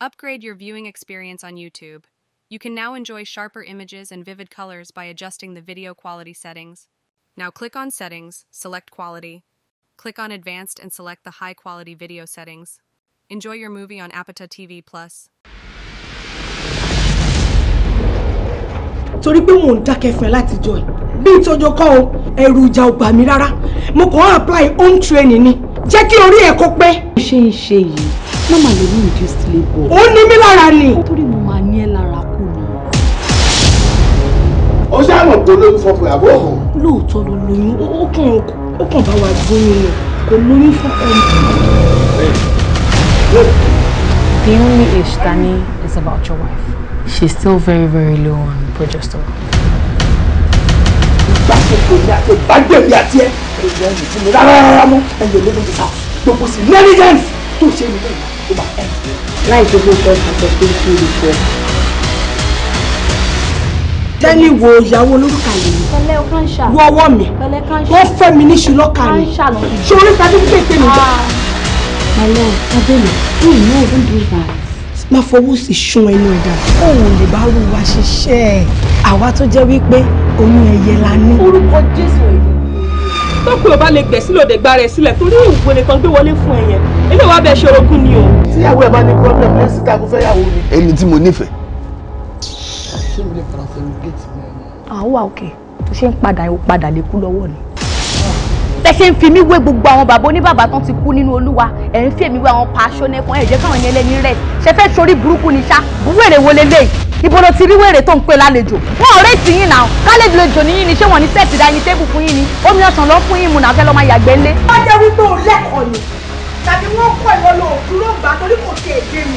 Upgrade your viewing experience on YouTube. You can now enjoy sharper images and vivid colors by adjusting the video quality settings. Now click on Settings, select Quality. Click on Advanced and select the High Quality Video settings. Enjoy your movie on Apata TV+. Plus. torí pé mò ń dákẹ́ fẹ́ láti jọ ẹ̀ bí ìtọ́jọ́ kọ́ o ẹ̀rù ìjà ò bà mí rárá mo n dake fe lati jo e bi itojo ko eru mi rara mo apply home training ni jẹ́ kí orí ẹ̀ kó pẹ́. ṣé má máa lè ní induced labour. ó ní mí lára ni. nítorí mo máa ní ẹ lára kú ni. ó ṣàmọ̀ pé olóyún fọkùnrin àbọ̀ hàn. lóòótọ́ ló lóyún ó kàn ó kàn bá wa gbóyún ni kò lóyún fọkùnrin. The only age Danny is about your wife. She's still very, very low on progesterone. Ìbáṣepọ̀ ni àti ìbágbèrè àti ẹ̀ ẹ̀yẹ́ ìfúnni rárá rárá mọ́ ẹ̀yẹ́ ló ló ti sá. Gbogbo sí negligence tó ṣe nílẹ̀ yìí tó bá ẹ̀ láì tó kó fẹ́ sọ pé kí n fẹ́. Tẹ́lí wo ìyàwó olórúkà yìí? Pẹ̀lẹ́ o kàn ṣà. Wọ ọwọ́ mi. Pẹ̀lẹ́ kàn ṣà. Wọ́n fẹ́ mi níṣu lọ́kà mi. Kàn ṣà lọ. pé mi jẹ? Pẹ̀lẹ́ o, Abẹ́lẹ̀, who know who do that? Má fọwọ́ sí ṣun ẹnu ẹ̀dá. Òun lè bá rú wa ṣiṣẹ́ ẹ̀. Àwa tó jẹ́ wípé oyún ẹyẹ la ní. Orúkọ Jésù èyí tó kúrò bá lè gbẹ̀ sílò dẹ̀gbà rẹ̀ sílẹ̀ torí ìwò nìkan gbé wọlé fún ẹ yẹn ilé wa bẹ̀ ṣe orogún ni o. tíyàwó ẹ bá ní problem lẹ́yìn síta kó fẹ́ yàwó mi. èmi tí mo nífẹ̀ẹ́. ṣé mi lè padà sẹ́nu géètì mi. àwa òkè tó ṣe ń padà ó padà lè kú lọ́wọ́ ni. tẹ ṣe ń fi mí wé gbogbo àwọn bàbá oníbàbà tán ti kú nínú olúwa ẹ̀ ń fi èmi wé àwọn paṣọ nẹ́fọn ẹ̀ jẹ́ káwọn ẹni ẹlẹ́ni rẹ̀ ṣe fẹ́ ibo ló ti rí wèrè tó ń pè lálejò wọn ò rétí yín náà kálejò lejò ní yín ni ṣé wọn ní sẹ́ẹ̀tì dá ẹni tébù fún yín ni omi ọ̀sán ló fún yín mu náà fẹ́ lọ́ máa yàgbẹ́ lé. wọ́n jẹ́ wípé òun lẹ́kọ̀ọ́ ni tàbí wọ́n kọ́ ìwọ lọ òdúró gbà torí kò ṣe èdè mi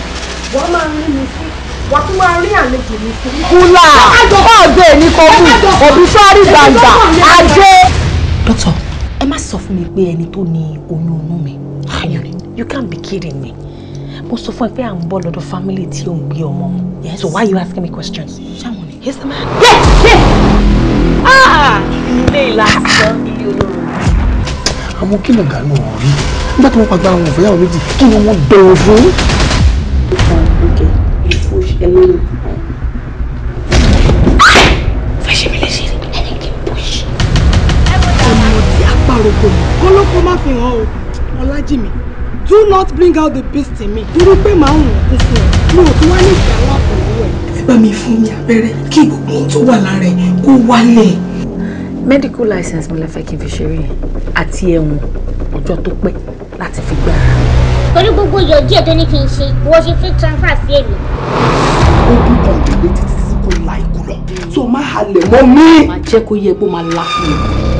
wọ́n máa ń rí mi sí wọ́n tún máa ń rí àlejò mi kúlà ọ̀dọ̀ èmi kò mú òbí sọ́ọ́rì gbàǹgbà ajé. dókítà ẹ má sọ fún mi pé ẹni tó ní oyún inú mi you can't be kidding me mo sọ fún ẹ pé à ń bọ̀ family tí ò ń gbé ọmọ yes so why you asking me questions. ṣáwọn ni. he's the man. yes yes. ah ilé ìlàsán ilé olóró. àmọ́ kí lọ̀gá náà rí nígbà tí wọ́n pa gbára wọn ò fẹ́yàwó méjì kí ni wọ́n bẹ̀rù okay ah! push a little. ọmọ ti fi hàn ọ́ ọlájìmí do not bring out the beast in me irú pé màá hùn kún fún ẹ mo ò tún wá ní ìgbà wà pẹ̀lú ẹ. ẹ bá mi fún mi abẹ́rẹ́ kí gbogbo ohun tó wà lára ẹ kó wálẹ̀. medical license mi la fẹ́ kí n fi ṣeré yẹn àti ẹ̀wọ̀n ọjọ́ tó pẹ́ láti fi gbára. torí gbogbo iyọ̀ díẹ̀ tó ní kí n ṣe wọ́n ṣe fi transfer sí èmi. ó bí bọ̀dé létí títí kó la ikú lọ tó máa halẹ̀ mọ́ mi. màá jẹ́ kó yẹ kó máa lá fún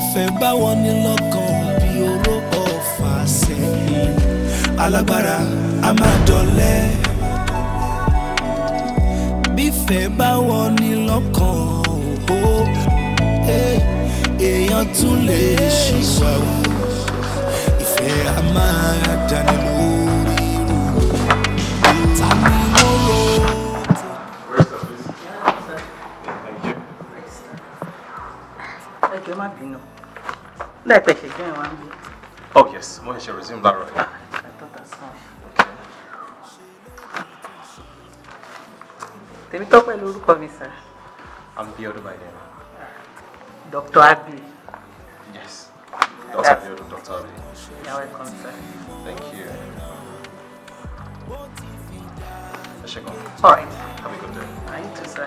ìfẹ́ báwo ni lọ́kàn bí oró ọ̀fà sẹ́yìn alágbára a máa dọ̀lẹ́ bífẹ́ báwo ni lọ́kàn ó èèyàn tún lè ṣìwà o ìfẹ́ a máa dání lórí irú tàbí lóró. má bínú. Lẹ́ẹ̀pẹ̀ ṣe jẹ́ ìwà ń Oh yes, mo shall resume láàárọ̀ yìí. I thought that's all. Tèmi tọ́pẹ́ lórúkọ mi sir. Abiodun by name. Dr. Abi. Yes. Dr. Abiodun, Dr. Abi. You're welcome sir. Thank you. Let's check on. All right. Have a good day. I need to sir.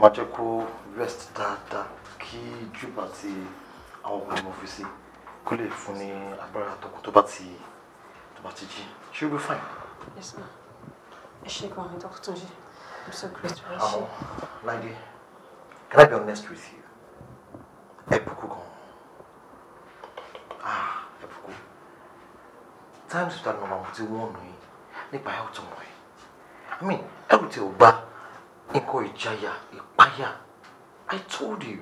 máa jẹ́ kó rest dáadáa kí jùbà ti àwọn ọkùnrin mọ̀ fi sí kó lè fún ní agbára àtọkùn tó bá ti tó bá ti jí ṣé ó gbé fine. yes ma ẹ ṣe gan-an dr tunji i'm so grateful. àwọn láìdé can i be honest with you ẹ bùkún gan-an ah ẹ bùkún times without normal mo ti wọ́n nù yín nípa ẹ̀ ọ̀tọ̀ wọ̀nyí i mean ẹrù tí ò gbá nǹkan ìjayà. I I told you.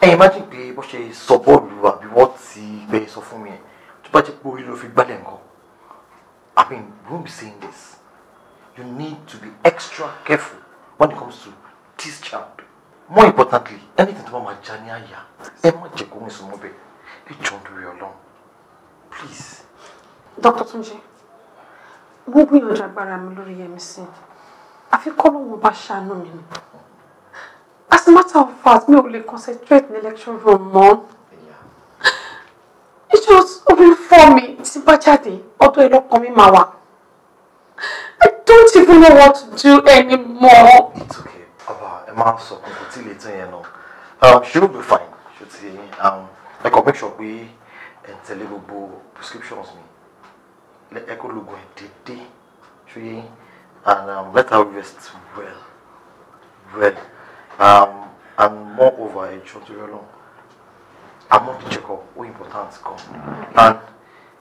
Ẹ imagine pé bó ṣe sọ bọ́ọ̀lù àbí wọ́n ti bẹ sọ fún mi ẹ̀ tó bá jẹ́ pé orí ló fi gbálẹ̀ nǹkan. I mean, we won't be saying this. You need to be extra careful when it comes to this child. More importantly, anything tó bá máa já ní àyà, ẹ má jẹ́ kó mi sùn mọ́bẹ̀. Ẹ jọ̀ọ́ nítorí Ọlọ́run. Please. Dr. Tunji, mo gbìyànjú agbára mi lórí Yẹmisí. Àfi kọ́ lóun bá ṣàánú mi ni as a matter of fact me only concentrate in lecture room mọ́ it just open for me tí bá jáde ọ̀dọ̀ ẹlọkàn I don't even know what to do anymore. It's okay baba ẹ máa sọ kò kò tí ì um, she will be fine ṣe ti ẹ kàn make sure we ẹ ń tẹ̀lé gbogbo prescriptions mi ẹ kó lóògùn ẹ déédéé ṣe yẹn and um, let her rest well well um, and moreover ẹjọ tó want to amọ ìjẹkọ ó important gan and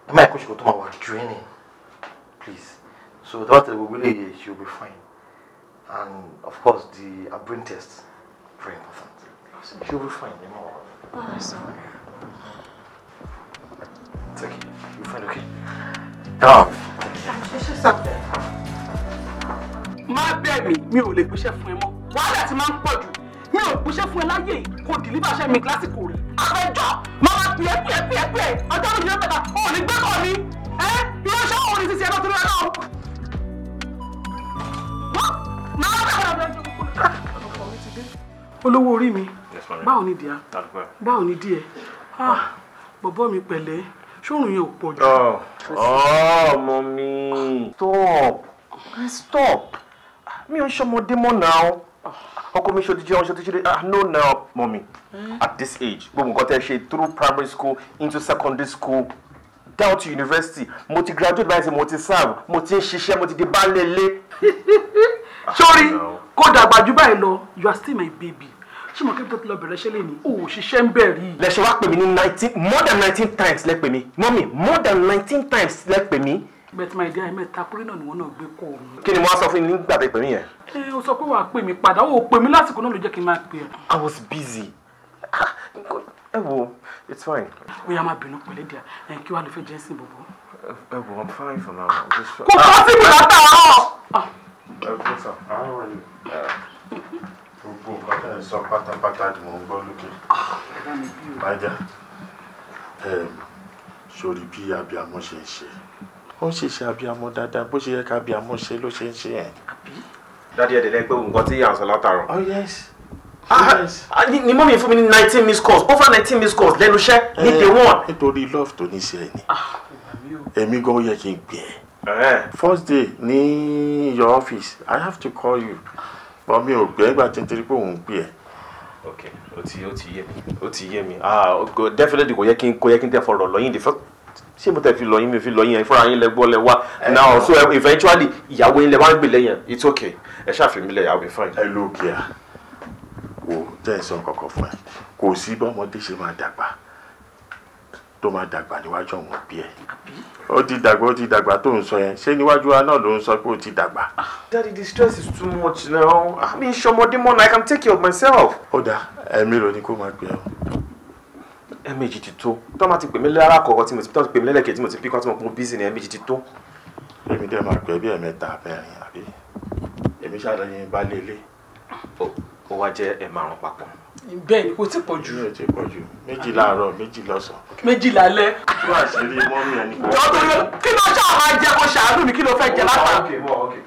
ẹ máa kó ìṣòro tó my wà draining please so tó bá tẹ̀lé gbogbo ilé yẹ she will be fine and of course the her uh, brain test very important she will be fine ẹ Oh, sorry. It's okay. You're fine, okay? Dog. Ṣé ṣe sọ̀tẹ̀? Má bẹ̀ mí, mi ò lè gbéṣẹ́ fún ẹ mọ́ wàhálà ti máa ń pọ̀ jù mi ò gbéṣẹ́ fún ẹ láyé yìí kò dìlíbà ṣẹ́ mi lásìkò rẹ̀ àpẹjọ máa pè é pè é pè é pè é ọjọ́ mi yóò pẹ̀ta ò ní gbẹ́kọ̀ ni ẹ irú iṣẹ́ òun ni ti ti ẹ lọ́tún olówó orí mi báwo ni díẹ̀ báwo ni díẹ̀ ah, bọ̀bọ́ mi pẹ̀lẹ́ ṣóòrùn yẹn ò pọ̀ jù. Oh, oh, ọmọ mi stop stop mi ò ń ṣọmọdé mọ́ náà ọkọ mi ṣòdìjì ọmọ ṣòdìjì rẹ ah no now mommy hmm? at this age gbogbo nǹkan tẹ ṣe through primary school into secondary school down to university mo ti graduate báyìí mo ti serve mo ti ń ṣiṣẹ́ mo ti di baálé ilé. sori kó dàgbà jù báyìí lọ you are still my baby ṣé mo kẹ́kẹ́ tó ti lọ bẹ̀rẹ̀ ṣẹlẹ̀ ni o ò ṣiṣẹ́ ń bẹ̀ rí. lẹ wá pè mí ní nineteen more than nineteen times lẹ pè mí mọ́mí more than nineteen times lẹ pè bẹ́ẹ̀ tí my dear mẹ́ta péré náà ni wọ́n náà gbé kọ́ mi. kí ni wọ́n á sọ fún mi nígbà tẹ pè mí yẹn. ẹ o sọ pé wàá pè mí padà o pè mí lásìkò náà ló jẹ́ kí n máa pè ẹ́. I was busy. Ah, ẹ wo it's fine. ó yá máa bínú pẹ̀lẹ́ díà ẹ kí wàá lọ fẹ́ jẹ́ sí ẹ wo I'm fine for now. kò kọ́ sí mi látàárọ̀. Ah! ẹ kó sọ àwọn ọ̀rẹ́ gbogbo nǹkan tẹ̀ sọ pátápátá ni mò ń gbọ́ lókè. Ah, májà sórí bí abiyamọ ṣe ń ṣe ó ń ṣèṣe abiyamọ dáadáa bó ṣe yẹ ká abiyamọ ṣe ló ṣe ń ṣe yẹn. dádì ẹ̀ dẹ̀dẹ̀ nǹkan tí à ń sọ látàrọ. oh yes. Ah, oh, yes. ah, ni mọ́mí fún mi ní nineteen missed calls over nineteen missed calls lẹ́nu iṣẹ́ ní day eh, one. nítorí love tó ní sí ẹ ni ah, èmi gan yẹ kí n gbé e. eh. first day ní your office i have to call you but mi ò gbé ẹgbà e, tí n tẹ́lẹ̀ pé òun gbé ẹ. E. ok o ti o ti yé mi o ti yé mi ah definitely kò yẹ kí n kò yẹ kí n tẹ fọ̀rọ̀ lọ́yìn the first ṣé mo tẹ̀ fi lọ yín mi fi lọ yín fúnra yín lẹ gbọ́ lẹ wá now so eventually ìyàwó yín lẹ wá ń gbè lẹ́yìn it's okay ẹ ṣàfihàn ilẹ̀ I'll be fine. ẹ ló kí a wò jẹ́ ìsàn kankan fún ẹ kò sí bọ́mọdé ṣe máa dàgbà tó máa dàgbà níwájú àwọn òbí ẹ ó ti dàgbà ó ti dàgbà tó ń sọ yẹn ṣé níwájú wa náà ló ń sọ pé ó ti dàgbà. Ah, daddy the stress is too much now i mean ṣọmọdé mọ́nà i can take care of myself. ó dáa ẹ̀mí lóní kó máa gbé ọ ẹ̀ẹ̀mejì ti tó tó máa ti pè mí lára kọ̀ọ̀kan tí mo ti tó ti pè mí lẹ́lẹ̀kẹ̀ tí mo ti pí kan tí mo pọ́n bísí ni ẹ̀ẹ̀mejì ti tó. èmi dẹ́ máa pẹ́ bí ẹ̀ẹ̀mẹ́ta abẹ́rin àbí èmi ṣàlàyé bá lé ilé. ó wá jẹ́ ẹ̀ márùn papọ̀. bẹ́ẹ̀ ni kò tí pọ̀ jù. kò tí pọ̀ jù méjì láàárọ̀ méjì lọ́sàn-án. méjì lálẹ́. tó àṣírí mọ́mí ẹni kò. jọ́dún kí ló ṣáà máa jẹ kó ṣàánú mi kí ló fẹ́ jẹ látàkì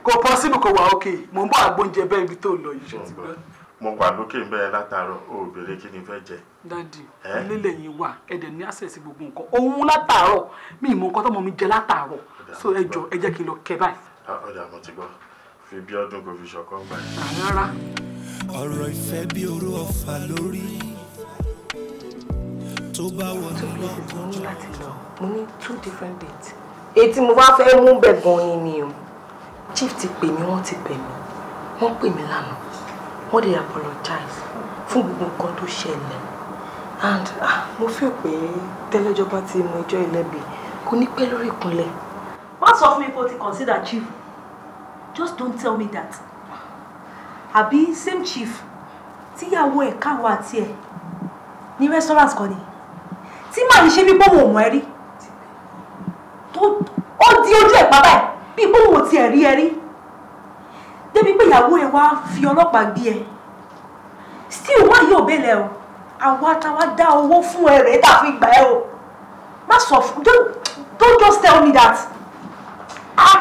kò pọ́sibù kò wà ókè mò ń bọ̀ mo wà lókè ń bẹ́ẹ̀ látàárọ̀ o ò béèrè kí ni fẹ́ jẹ. dadi ilé lẹ́yìn wa ẹ̀dẹ̀ ní access gbogbo nǹkan òun látàárọ̀ mi ìmọ̀ nǹkan tọ́mọ mi jẹ látàárọ̀ so ẹ jọ ẹ jẹ́ kí n lọ kẹ báyìí. ọ̀dà ah, mo ti gbọ́ fi bí ọdún kò fi ṣọ̀kan gbà yìí. ọ̀rọ̀ ìfẹ́ bí orú ọ̀fà lórí tó bá wọ nínú ọkùnrin. mo ní two different dates èyí tí mo bá fẹ́ mú bẹ̀ gan-an ni o chief ti pè mí wọ́n ti pè mí wọ́n pè mí lánàá wọ́n dey apologize fún gbogbo nǹkan tó ṣẹlẹ̀ and ah, mo fi pé tẹ́lẹ́jọba ti mọ ẹjọ́ ẹlẹ́bi kò ní pẹ́ lórí ìpínlẹ̀. má sọ fún mi pé o ti consider chief just don't tell me that àbí same chief tíyàwó ẹ̀ káwọ́ àti ẹ̀ ní restaurant kan ni tí màá ní ṣe bí bóun ò mọ̀ ẹ́ rí ó di ojú ẹ̀ pàbá bí bóun tiẹ̀ rí ẹ rí débi pé ìyàwó ẹ wá fi ọlọ́pàá gbé ẹ still wá yóò bẹ̀lẹ̀ o àwa táwa dá owó fún ẹ rẹ̀ tá a fi gbà ẹ o má sọ fún don't don't just tell me that ah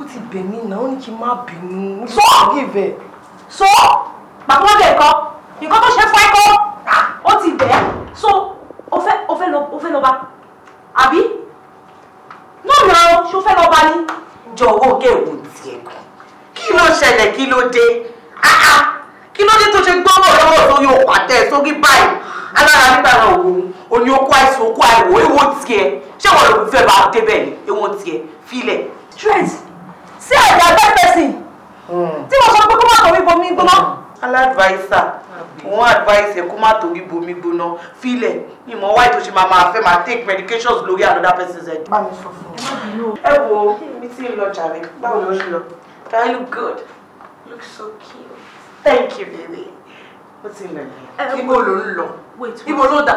ó ti bẹ̀ mí náà ó ní kí n má bínú so give ẹ so bàbá ọdẹ nǹkan nǹkan tó ṣe fún ẹ kọ́ ah! ó ti bẹ̀ ẹ́ so o fẹ́ o fẹ́ lọ o fẹ́ lọ bá àbí náà náà ṣo fẹ́ lọ bá ní jọ̀wọ́ kẹ́ ò tiẹ̀ kù kí ló ṣẹlẹ̀ kí ló dé ah, ah. kí ló dé tó ṣe gbọ́rọ̀ lọ́wọ́ sórí òkú àtẹ sórí báyìí alára nígbà náà wò ó ní okó àìsàn okó àìwò èwo tiẹ̀ ṣé wọn lòún fẹ́ bá a débẹ̀ ni èwo tiẹ̀ filẹ̀. trent sí ẹ̀dá bẹ́ẹ̀ pẹ̀sì tí mo sọ pé kó má torí bomi gbóná. Hmm. aláàdváísà wọn advice ẹ kó má torí bomi gbóná filẹ̀ ìmọ̀ wáyé tó ṣe máa máa fẹ́ máa take medications lórí another person's head. bá mi sọ fún un. ẹ wo mi ti ń lọ jàre báwo ló ń lọ. Do I look good? You look so cute. Thank you, baby. What's in there? Ibo ló ń lọ. Wait. Ibo ló dà.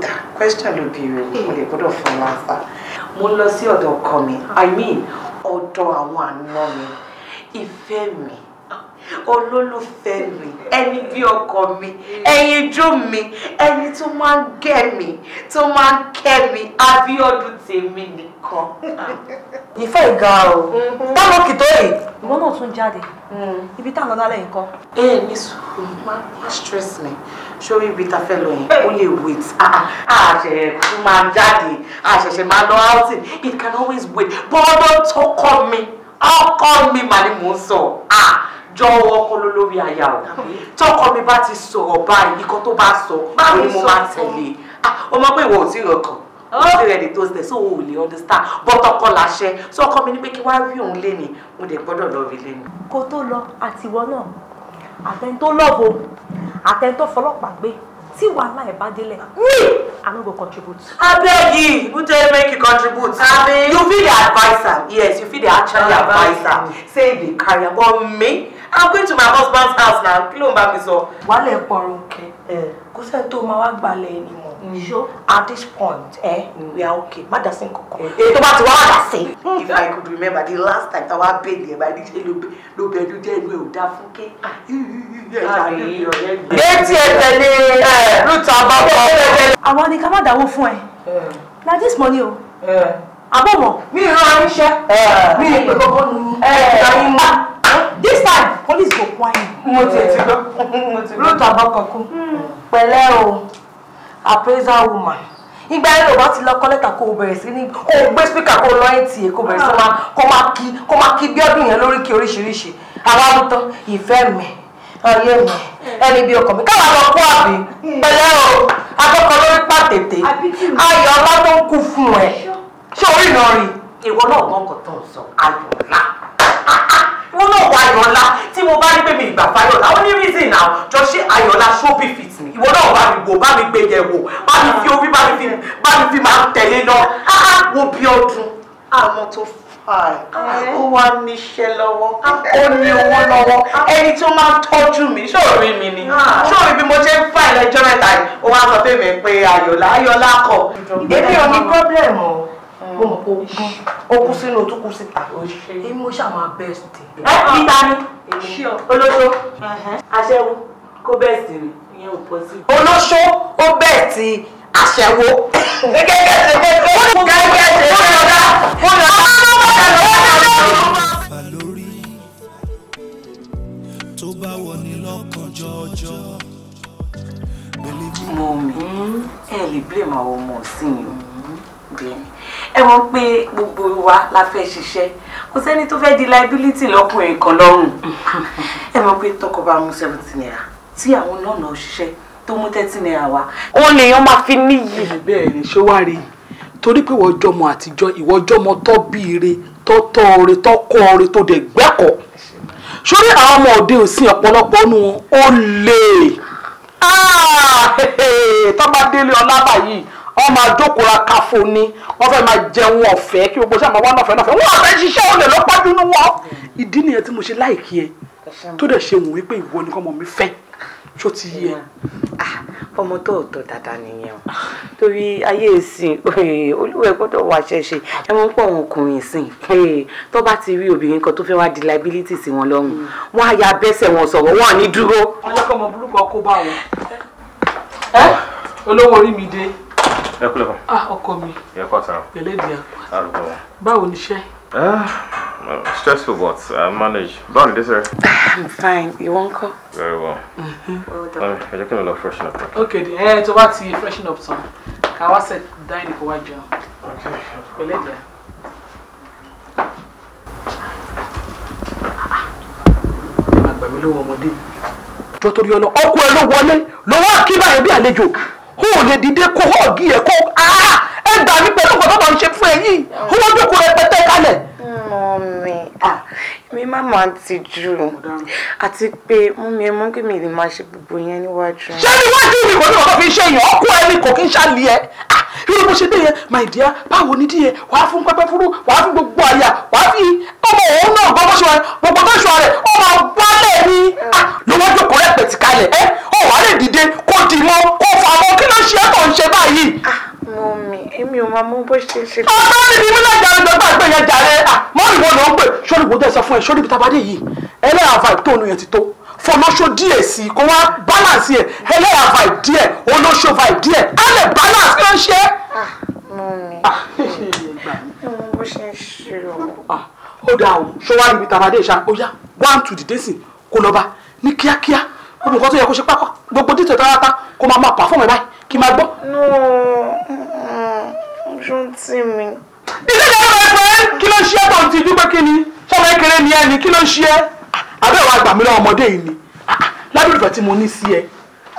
Dà question ló béèrè ni mo lè gbọ́dọ̀ fún wa fa. Mo lọ sí ọ̀dọ̀ ọkọ I mean ọ̀dọ̀ àwọn àna mi. Ìfẹ́ mi olólùfẹ́ mi ẹni bí ọkọ mi ẹyinjú mi ẹni tó máa ń gẹ̀ mi tó máa ń kẹ́ mi Abíọ́dún tèmi nìkan. ìfẹ́ ìga o táwọn mhm. òkè tó yìí. ìwọ náà tún jáde hmm. ibi táwọn lálẹ́ nǹkan. ẹ ẹ ní sùúrù má stress me sórí ibi tá a fẹ́ lọ yẹn ó lè wait àṣẹ̀ṣẹ̀ kú máa jáde àṣẹ̀ṣẹ̀ máa lọ outing it can always wait bọ́ọ̀dọ̀ tó kọ́ mi ọkọ mi màá ni mò ń sọ jọ̀wọ́ ọpọlọ lórí aya o tọkọ mi bá ti sọ̀rọ̀ báyìí ikọ tó bá sọ pé mo máa tẹ̀lé ọmọ ah, pé ìwọ ò tí ì rọkàn ó sì rẹ̀ ní tó ṣe so òun ò lè understand bọ́tọ̀ kọ́ láṣẹ sọkọ mi ní pé kí wá rí òun lé ni mo dẹ̀ gbọ́dọ̀ lọ rí lé ni. kó tó lọ àtiwọ́ náà àtẹni tó lọ́bọ àtẹni tó fọlọ́pàá gbé tí wàhálà ẹ̀ bá délẹ̀ me I no go contribute. abeg yi who tell you make you contribute. abi you fit dey advise am yes you fit dey actually advise am say e dey carry am but me I'm going to my husband's house now kí ló ń bá mi sọ. wàhálà ẹ̀ pọ̀rọ̀ nkẹ́ kó sẹ́ni tó máa wá gbalẹ̀ ẹni mọ̀ mm. at this point eh, we are okay má dá sí nǹkankan tó bá ti wá wá dá hmm. if I could remember the last time táwa bèèrè ẹ̀ báyìí ṣe ló bẹ ẹnu jẹ́ ìlú ẹ̀ ò dá fún ké. Ah, létí ẹ tẹ̀lé lùtọ̀ àbábọ̀. àwọn ni ká má dáwó fún ẹ na this money o àbọ̀mọ̀. mi ìran iṣẹ́ mi ìpè kọ́kọ́ nu ẹ̀ẹ́dá yín mọ́ police go kún àyè. mo ti ti mo ti gbọ́. lóòótọ́ àbọ̀kọ̀ kú hmm. o appraiser woman ìgbà yẹn ló bá ti lọ kọ́ lẹ́tà kó o bẹ̀rẹ̀ sí o gbé spíkà kó o lọ ẹ̀ǹtì kó o bẹ̀rẹ̀ sí ah. máa kó máa kí kó máa kí bí ọdún yẹn lórí kí oríṣiríṣi àwa ń tán ìfẹ́ mi ayé mi ẹni bí ọkàn mi káwa lọ kó àbí pẹ̀lẹ́ o akọ́kọ́ lórí pàtètè ayọ̀ ọlá tó ń kú fún ẹ ṣé orí náà rí ìwọ náà mọ nǹkan tó ń sọ ayọ̀ mo náà wọ ayọ̀lá tí mo bá rí pé mi ìgbà fayọ̀lá ó ní reason now jọ ṣé ayọ̀lá ṣóbì fit mi ìwọ náà bá mi wò bá mi gbé yẹ̀ wò bá mi fi orí bá mi fi bá mi fi máa tẹ̀lé lọ wo bí ọdún àmọ́ tó ó wá níṣẹ́ lọ́wọ́ ó ní owó lọ́wọ́ ẹni tó máa ń tọ́jú mi ṣòrí mi ni ṣòrí bí mo ṣe ń fà ẹlẹ́jọ́ mẹ́ta yìí ó wá sọ fún mi pé ayọ̀lá ayọ̀lá kọ̀. èmi ò ní pọ́blẹ̀mù o ó mọ̀ kó kú ó kú sínú tó kú síta èyí mo ṣáà máa best. ẹ ìta ni olóṣó aṣẹ́wó kó bẹ́ẹ̀ sì rè ìyẹn ò pọ̀ sí. olóṣó ó bẹ́ẹ̀ ti aṣẹ́wó. gẹ́gẹ́ gẹ́gẹ́ gẹ́gẹ́ gẹ́gẹ́ fúnra fúnra fúnra. lórí tó bá wọ ní lọ́kàn jọjọ. mo mi ẹ lè blame àwọn ọmọ sí i o bẹ́ẹ̀ ẹ mọ̀ pé gbogbo wa la fẹ́ ṣiṣẹ́ kò sẹ́ni tó fẹ́ di liability lọ́kùnrin kan lọ́rùn ẹ mọ̀ pé tọkọ bá mú seventy naira tí àwọn lọ́nà òṣìṣẹ́ tó mú thirty naira wá òun lèèyàn máa fi níyì. bẹ́ẹ̀ ni ṣó wá rí torí pé ìwọ jọmọ àtijọ́ ìwọ jọmọ tó bíire tó tọ́ ọ̀rẹ́ tó kọ́ ọ̀rẹ́ tó dẹ̀ gbẹ́kọ̀ọ́ sórí àwọn ọmọ òde òsìn ọ̀pọ̀lọpọ̀ nu wọn ó lè ah, tọ́ba délé ọlábà yìí wọ́n máa jókòó ra káfó ni wọ́n fẹ́ máa jẹun ọ̀fẹ́ kí gbogbo sáà máa wá nọ̀fẹ́ nọ̀fẹ́ wọ́n àfẹ́ ṣiṣẹ́ olè ló pọ́jú nu wọn. ìdí nìyẹn tí mo ṣe láìkí ẹ tó dẹ̀ ṣe wù wípé ìwọ ni kọ́mọ mi fẹ́ ṣó ti yẹ. Ah, ọmọ tó tọ́ dáadáa nìyẹn o torí ayé ìsìn olúwẹ̀ gbọ́dọ̀ wà ṣẹ̀ṣẹ̀ ẹ mọ̀ pọ̀ àwọn ọkùnrin ìsìn tó bá ti rí obìnrin kan tó fẹ́ wá di liability sí wọn lọ́rùn wọn á ya bẹ́sẹ̀ wọn sọ̀rọ̀ wọn ò ní dúró. ọlọ́kọ̀ ọmọ burúkú ọkọ̀ bá wọn olówó orí mi dé ẹ kúlẹ̀ bọ̀. ah ọkọ mi. ẹ kọ́ sáà. pẹ̀lẹ́ ìdí àpò. báwo ni iṣẹ́. Uh, stressful but I manage. Báwo ni dé I'm fine. You Ìwọ ńkọ́? Very mm-hmm. well. Ẹ jẹ́ kí n lọ freshen up. Ok, ẹ eh, tó bá ti freshen up tán, ká wá set dine kó wá jẹun. Pẹ̀lẹ́ ìdí àpò. àgbà mi ló wọ ọmọdé. jọ́tòrí ọ̀nà ọkọ ẹ ló wọlé lọ́wọ́ kí báyìí bí àlejò mo ò lè dìde kó hóògì ẹ̀ kó ah! ẹ gbà mí pẹ̀lú nǹkan tó bá ń ṣe fún ẹ yìí owó jókòó rẹpẹtẹ kalẹ̀ mọ́mì ah, mi má máa ti jù àti pé mọ́mì ẹ mọ́ kí mi lè máa ṣe gbogbo yẹn níwájú. ṣé níwájú mi ìwọ náà fi ṣe èèyàn ọkọ ẹni kò kí n ṣàlì ẹ ah, irú bó ṣe dé yẹn my dear báwo ni díẹ̀ wàá fún pẹpẹ fúru wàá fún gbogbo àyà wàá fi ọmọ òun náà gbọ́ bó ṣe wà gbogbo tó ṣọ rẹ̀ ó máa gbálẹ̀ ni ah, lówó jókòó rẹ̀ pẹ̀tìkalẹ̀ ẹ ó wàá lè dìde kó dì mọ́ kó fà mọ́ kí ló ṣe é tó ń ṣe báyìí mọ̀mí èmi ò máa mú bó ṣe ṣe. ọ̀pọ̀ mi ni wọ́n lájà lọ́gbà pé yẹn jàre à ah, mọ́rì wọn ló ń pè sórí ìbò tẹ̀sán fún ẹ sórí ibi tabadé yìí ẹlẹ́yà vibe tó nu yẹn ti tó fọlọ́ṣọ díẹ̀ sí kó wá balance yẹn ẹlẹ́yà vibe díẹ̀ olóṣọ vibe díẹ̀ á lè balance ló ń ṣe. Ah, mọ̀mí ìmú ah, bó ṣe ń ṣe o. ó dáa o ṣọwárí ibi tabadé ìṣá ó yá one two the dancing kó lọ bá ní kíákíá gbogbo nǹkan tó yẹ kó ṣe pápá gbogbo dìtẹ̀ tó rárá kó máa máa pàfọ́ọ̀mù ẹ̀ báyìí kí máa gbọ́ ṣùntì mi. ìdílé ẹ̀rọ ẹ̀fẹ́ kí ló ń ṣe ẹ́ tó ń tijú pé kí ni sọ́mọ kékeré ni ẹ ni kí ló ń ṣe ẹ́ abẹ́ ìwà àgbà mi lọ́wọ́ ọmọdé yìí ni lábẹ́rẹ́ tí mo ní sí ẹ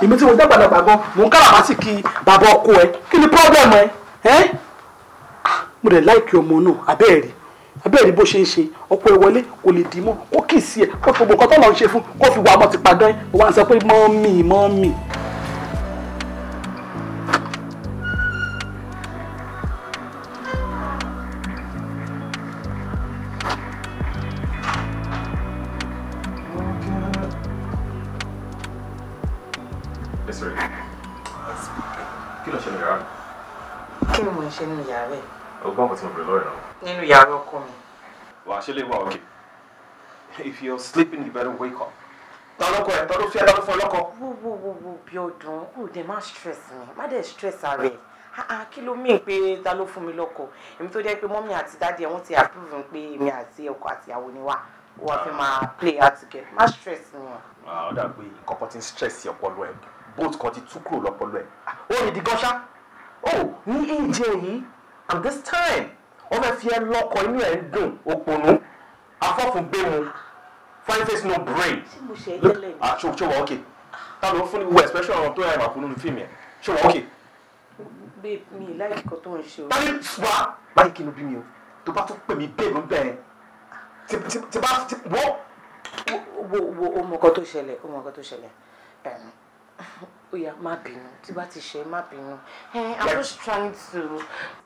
èmi tí mo dẹ́ gbàdàgbà gan mò ń káràbá sí kí bàbá ọkọ ẹ kí ni pírọ́blẹ̀mù ẹ ẹ́ mo dẹ̀ láìkí ọmọ náà abẹ́ẹ̀rí abẹ́ẹ̀rí bó ṣe ń ṣe ọkọ ẹ wọlé kò lè dì mọ́ kó kì í sí ẹ kó fi gbogbo nǹkan tó lọ́ọ́ ṣe fún kó fi wà á ti padà ẹ wọ́n á sọ pé mọ́mì mọ́mì kí ni mò ń ṣe nínú yàrá ẹ̀. ọgbọ́n kò tí mo bèrè lọ́rẹ̀ náà. nínú yàrá ọkọ mi. wàá ṣe lè wá òkè if you're sleeping you better wake up. ta lọkọ ẹ ta ló fi ẹ ló fún ẹ wo wo wo wo bí ọdún kò dé má stress mi má dẹ̀ stress ara kí ló mí pé ta ló fún mi lọkọ èmi tó jẹ́ pé mọ́mí àti dáàdi ẹ̀ wọ́n ti approve pé èmi àti ọkọ àtìyàwó ni wá wọ́n fi máa play hard to má stress ni wọn. ó pé kọ̀ọ̀kan ti ń stress ọpọlọ ẹ̀ both kan ti tú kúrò lọ́pọlọ ẹ̀ ó yẹ di gọ́ṣá oh ní èjì yìí and this time wọ́n fẹ́ fi ẹ́ lọ́kọ inú ẹ̀ ń dùn òpònú afọ́fun gbé mu fine face no brain look ah ṣe ṣe wà ókè táwọn ló fún ní wo expression ọ̀rọ̀ tó yà wà fún nínú fíìmù yẹn ṣe wà ókè. babe mi láì kọ́ tó ń ṣe o. tani wá láyé kí ló bí mi o tó bá tún pè mí babe ń bẹ̀rẹ̀ tí bá ti wọ́. wo wo o mọ̀ nǹkan tó ṣẹlẹ̀ o mọ̀ nǹkan tó ṣẹlẹ̀ Oh yeah, má bínú tí bá ti ṣe má bínú i'm just trying to.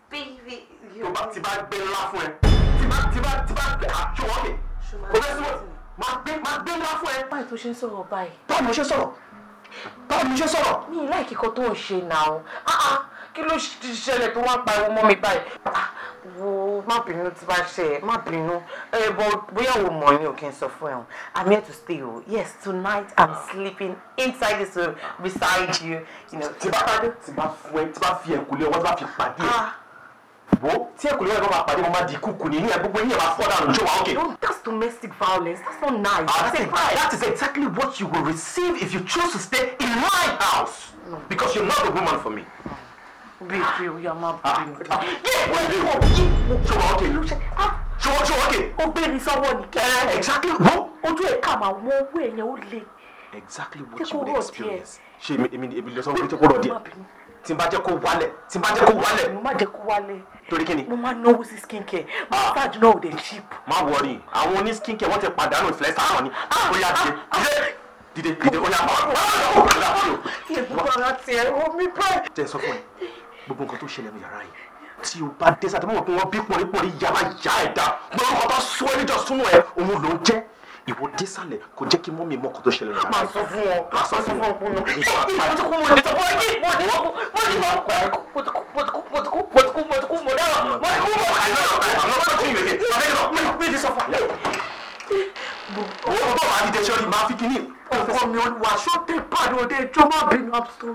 baby you. tó bá ti bá gbé ńlá fún ẹ tí bá tí bá tí bá gbé àjọwọ́ ah, mi kò fẹ́ síwọ́ máa gbé máa gbé ńlá fún ẹ. báyìí tó ṣe ń sọ̀rọ̀ báyìí. báwo ni mo ṣe sọ̀rọ̀ báwo ni mo ṣe sọ̀rọ̀. mi ì láì kíkọ tó ń ṣe náà ah, ah, kí ló ṣẹlẹ̀ tó wá ń pariwo mọ́ mi báyìí wo má bínú tí bá ṣe má bínú ẹ bọ bóyá wo mọ ni o kì í sọ fún ẹ o i'm here to stay o yes tonight i'm sleeping inside this room beside you. tí bá pàdé tí bá fún ẹ tí bá fi ẹkùn lé ọwọ́ tí bá fi pàdé ẹ ah. wo tí ẹkùn lé ọwọ́ máa pàdé mo máa di kúkú ní ẹ gbogbo yín ẹ máa fọ́ dànù ṣé wàá òkè. that's domestic violence that's not nice. that's, that's, right. that is exactly what you will receive if you choose to stay in my house because you're not a woman for me. Mm -hmm bí ìfẹ́ òye àmọ́ àbúrò mi. yíyíwọ yíyíwọ yíyíwọ ṣọwọ́ ọ̀kẹ́ ló ṣe ṣọwọ́ ṣọwọ́ ọ̀kẹ́. ó gbé mi sọ́wọ́ ni. ẹ eh, exactly wo. ojú ẹ kà máa wọ owó ẹ̀yẹn ó le. exactly what you would experience. ṣé èmi èmi lọ sọ́wọ́ pé tí kò rọ̀ díẹ̀ tí n bá jẹ́ kó wálẹ̀ tí n bá jẹ́ kó wálẹ̀. mo má jẹ́ kó wálẹ̀. torí kí ni. mo máa náwó sí skin care massage ah. náà ò dé má wọrí àwọn oní skin care wọ́n ti pàdánù ìfẹ́sà wọn ni ah, ó yá ah, dìde dìde dìde ó yá bá wọn. ìbùkún ara tiẹ̀ omi bẹ́ẹ̀. jẹ́ sọ fún mi gbogbo nǹkan tó ṣẹlẹ̀ ní yàrá yìí tí o bá dé sàtẹ́mọ̀ pé wọ́n bí pọ̀nrípọ̀nrí yàrá yà ẹ̀dá gbọ́dọ̀ kọ́ bá sún ẹni jọ súnmọ́ ẹ òun ló ń jẹ́ ìwọ désàlẹ̀ kò jẹ́ kí mọ́mí mọ́ kó tó ṣẹlẹ̀ yàrá. màá sọ fún ọ màá sọ fún ọ kúnú. Ọkọ mi wà sọ́tẹ̀ pàdé òde ìjọba bínú àbúrò.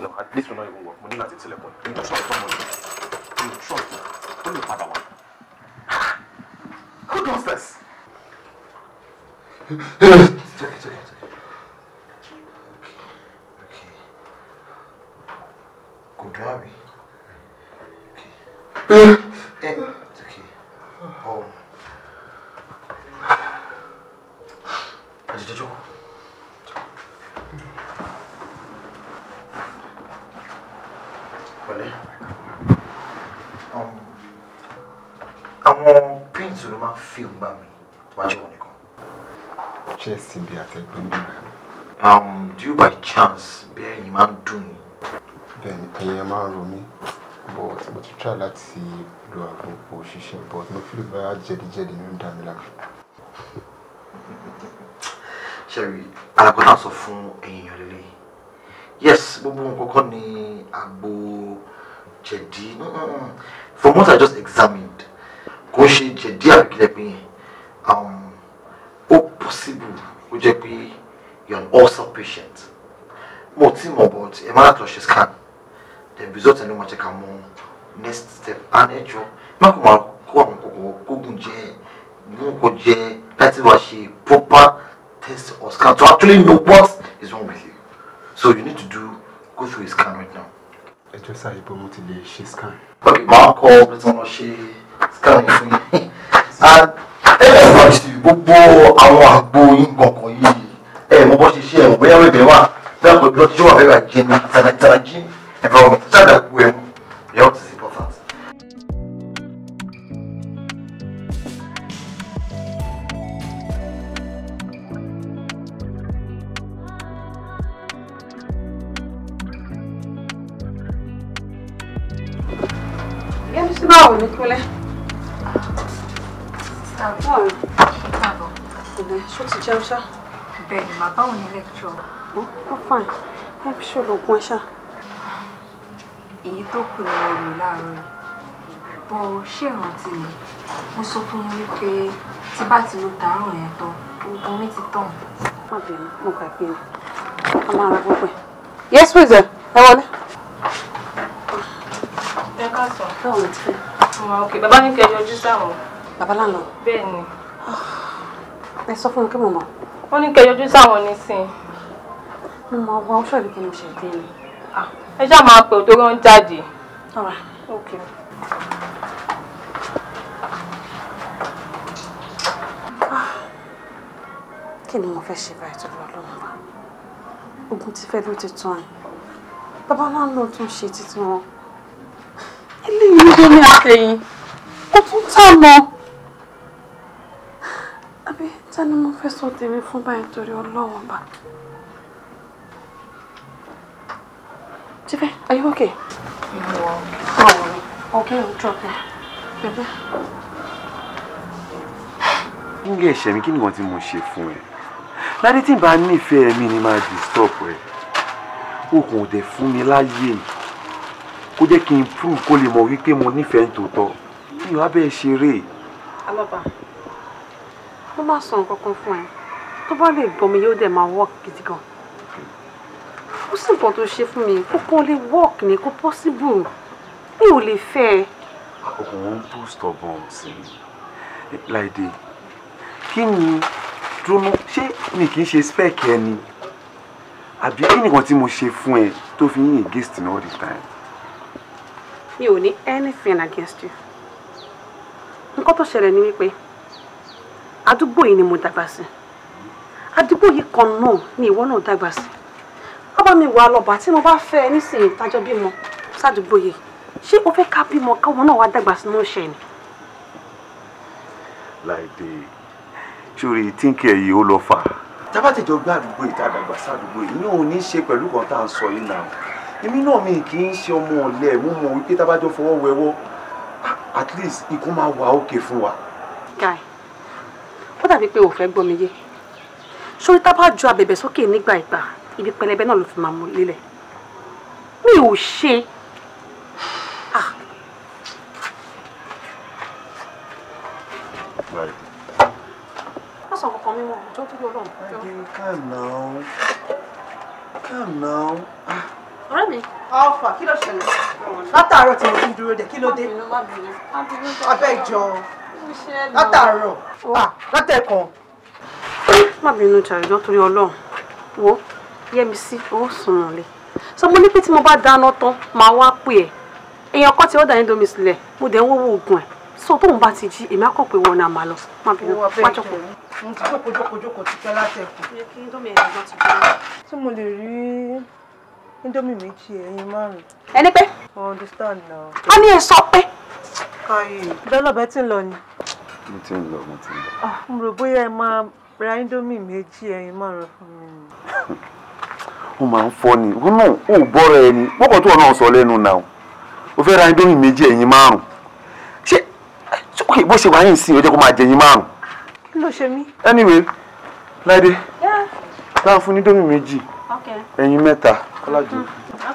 no at least we're not even work mo ní láti tilẹ̀kùn ní ìjọ sọ̀rọ̀ tọ́mọ ní ìjọ sọ̀rọ̀ tó lè padà wá. who does this? check it, check it. Kò dùn àbí? Um, do you by chance bear ẹ̀yin máa ń dùn mí. bẹ́ẹ̀ni ẹ̀yin máa ń ro but mo try try see do àgbo kò ṣiṣẹ́ but no, feel bá jẹ̀díjẹ̀dí ní dá mi lára. ṣẹ́rí alákọ̀ọ́tà sọ fún èèyàn lélẹ́yìn yes gbogbo nǹkan kọ́ ni Abu, Jedi. from what I just examined Koshi, Jedi, jẹ̀dí àbíkílẹ̀ pé ó jẹ́ pé you are an awesome patient mo ti mọ̀ but ẹ má lọ ṣe scan then result ẹ̀ ló máa jẹ́ ká mọ next step and ẹ jọ má kó máa kó àwọn kòkòrò kógun jẹ mú kó jẹ láti wá ṣe proper test or scan to actually know what is wrong with you so you need to do go through a scan right now. ẹ jọ sáà ibo mo ti lè ṣe scan. ok màá kọ ọ́ pé tí lọ ṣe scan yìí fún yín. gbogbo àwọn àgbo yín gbọ̀ngàn yìí ẹ mọ bó ṣe ṣe ẹ bóyá wẹ̀bẹ̀ wà bóyá pẹ̀lú ọtí tó wà fẹ́ bá jẹ ní tàdájí environment ṣáàdà gbogbo ẹ̀ mọ̀ yẹ́wò ti ṣe pọ̀fà. yẹ́n ti báwo ní kúlẹ̀ àbọ̀ àbọ̀ ìlẹ̀ ṣó ti jẹun ṣá. bẹ́ẹ̀ ni màá báwo ni lecture. ó fàn ẹ fi ṣòlògùn ẹ ṣá. èyí tó kù ni mo lò láàárọ̀ yìí bó ṣe ìrántí mi mo sọ fún yín wípé tí bá ti lo dàárùn yẹn tán ogun mi yes please eh. ẹ wọlé. ẹ ká sọ. báwo ni ti fẹ́. bàbá ní kẹ́ yọjú sáwọn babaláńlọ. bẹ́ẹ̀ ni. Ah, ẹ sọ fún mi kí mo mọ̀. wọ́n ní kẹ́ yọjú sáwọn nísìn. mo mọ ọgbà ọṣọ ìlú kí mo ṣe dé ni. Ah, ẹ ṣáà máa pè tó rán jáde. ọ̀rọ̀ okay. Ah, kí ni mo fẹ́ ṣe báyìí tó lọ lọ́wọ́ wa ogun ti fẹ́ ló ti tán ẹ̀ babaláńlọ tún ṣe títí wọn eléyìí ló ní àtẹ̀yìn kó tún tà mọ́ ta ni mo fẹ́ sọ tèmi fún báyìí torí ọlọ́wọ́n bá. Tife, are you okay? No, no, okay, I'll drop you. Bebe. Kí ni ẹ̀ṣẹ̀ mi kí ni wọ́n ti mo ṣe fún ẹ? Ládé tí n bá nífẹ̀ẹ́ mi ni máa disturb ẹ. Oògùn ò dẹ̀ fún mi láyé mi. Kó jẹ́ kí n prove kó lè mọ̀ wípé mo nífẹ̀ẹ́ nítòótọ́. Mi ò wá bẹ́ẹ̀ ṣeré. Alábàá mo máa sọ nǹkan kan fún ẹ tó bá lè gbọ́ mi yóò dẹ̀ máa work gidi gan ó sì nǹkan tó ṣe fún mi kókó lè work ní kó possible mi ò lè fẹ́ ẹ. òun bó stubborn sí i láìdé kí ni dúró ṣé mi kì í ṣe spec ẹ ni àbí kí nìkan tí mo ṣe fún ẹ tó fi yín against me all the time. mi ò ní anything against you nǹkan tó ṣẹlẹ̀ ni wípé àdúgbò yìí ni mo dàgbà sí àdúgbò yìí kan náà ni ìwọ náà dàgbà sí bàbá mi wà lọ́ba tí mo bá fẹ́ ẹ nísìnyí tájọ́ bímọ sádùúgbò yìí ṣé o fẹ́ ká bímọ káwọn náà wá dàgbà sínú ìṣẹ́ ni. láìdè ṣòrí tíǹkì ẹ̀ yìí ó lọ fà. tábàtìjọ gbé àdúgbò yìí tá a dàgbà sádùúgbò yìí ní òun ní í ṣe pẹ̀lú kan tá à ń sọ yìí náà èmi náà mi kì í ṣe ọmọ ọ̀lẹ mo mọ̀ wípé tábàjọ fọwọ́ wẹwọ́ at least ikú máa wà òkè fún wa. guy ó dàbí pé ò fẹ́ gbọ́ mi yé sórí tábà ju abẹ̀bẹ̀ sókè nígbà ìgbà ibi pẹlẹbẹ náà ló fi máa mú lélẹ̀ mi ò ṣe ọkàn mímọ tó tó lọ́rùn. Ẹgbẹ́ kànáà kànáà. Ọ̀rẹ́ mi. Alfa kí ló ṣẹlẹ̀? Látàárọ̀ tí mo fi ń dúró dé kí ló dé? Abẹ́ ìjọ látàárọ̀ ah, látẹ̀kan. má bínú jàre lọ torí ọlọ́run wo yẹmi sí owó sùnrùn lé sọ mo ní pé tí mo bá dáná tán máa wá pè ẹ́ èèyàn kan ti ọ̀dà yẹn domi sílẹ̀ mo dẹ̀ ń wọ́wọ́ oògùn ẹ̀ sọ tóun bá ti jí èmi á kọ̀ pé wọn náà máa lọ má bínú má jókòó. mo ti jókòó jókòó jókòó ti pẹ́ látẹ̀kùn. tí mo lè rí indomie méjì ẹyin márùn. ẹni pé. understand now. a ní ẹ sọ pé káyé bẹ́ẹ̀ lọ́bẹ̀ tí ń lọ ni. mo ti ń lọ mo ti ń lọ. Ah, mo rò bóyá ẹ máa ra indomie méjì ẹyin márùn fún mi. ó máa ń fọ́ ni ó náà ó bọ́ra ẹ ni pọ́pọ́ tó náà sọ lẹ́nu náà ó fẹ́ ra indomie méjì ẹyin márùn ṣé bó ṣe wáyé ìsìn ọjọ́ kó máa jẹ ẹyin márùn. kí ló ṣe mí. anyway láìdé láà fún indomie méjì ẹyin mẹ́ta kọ́lájú.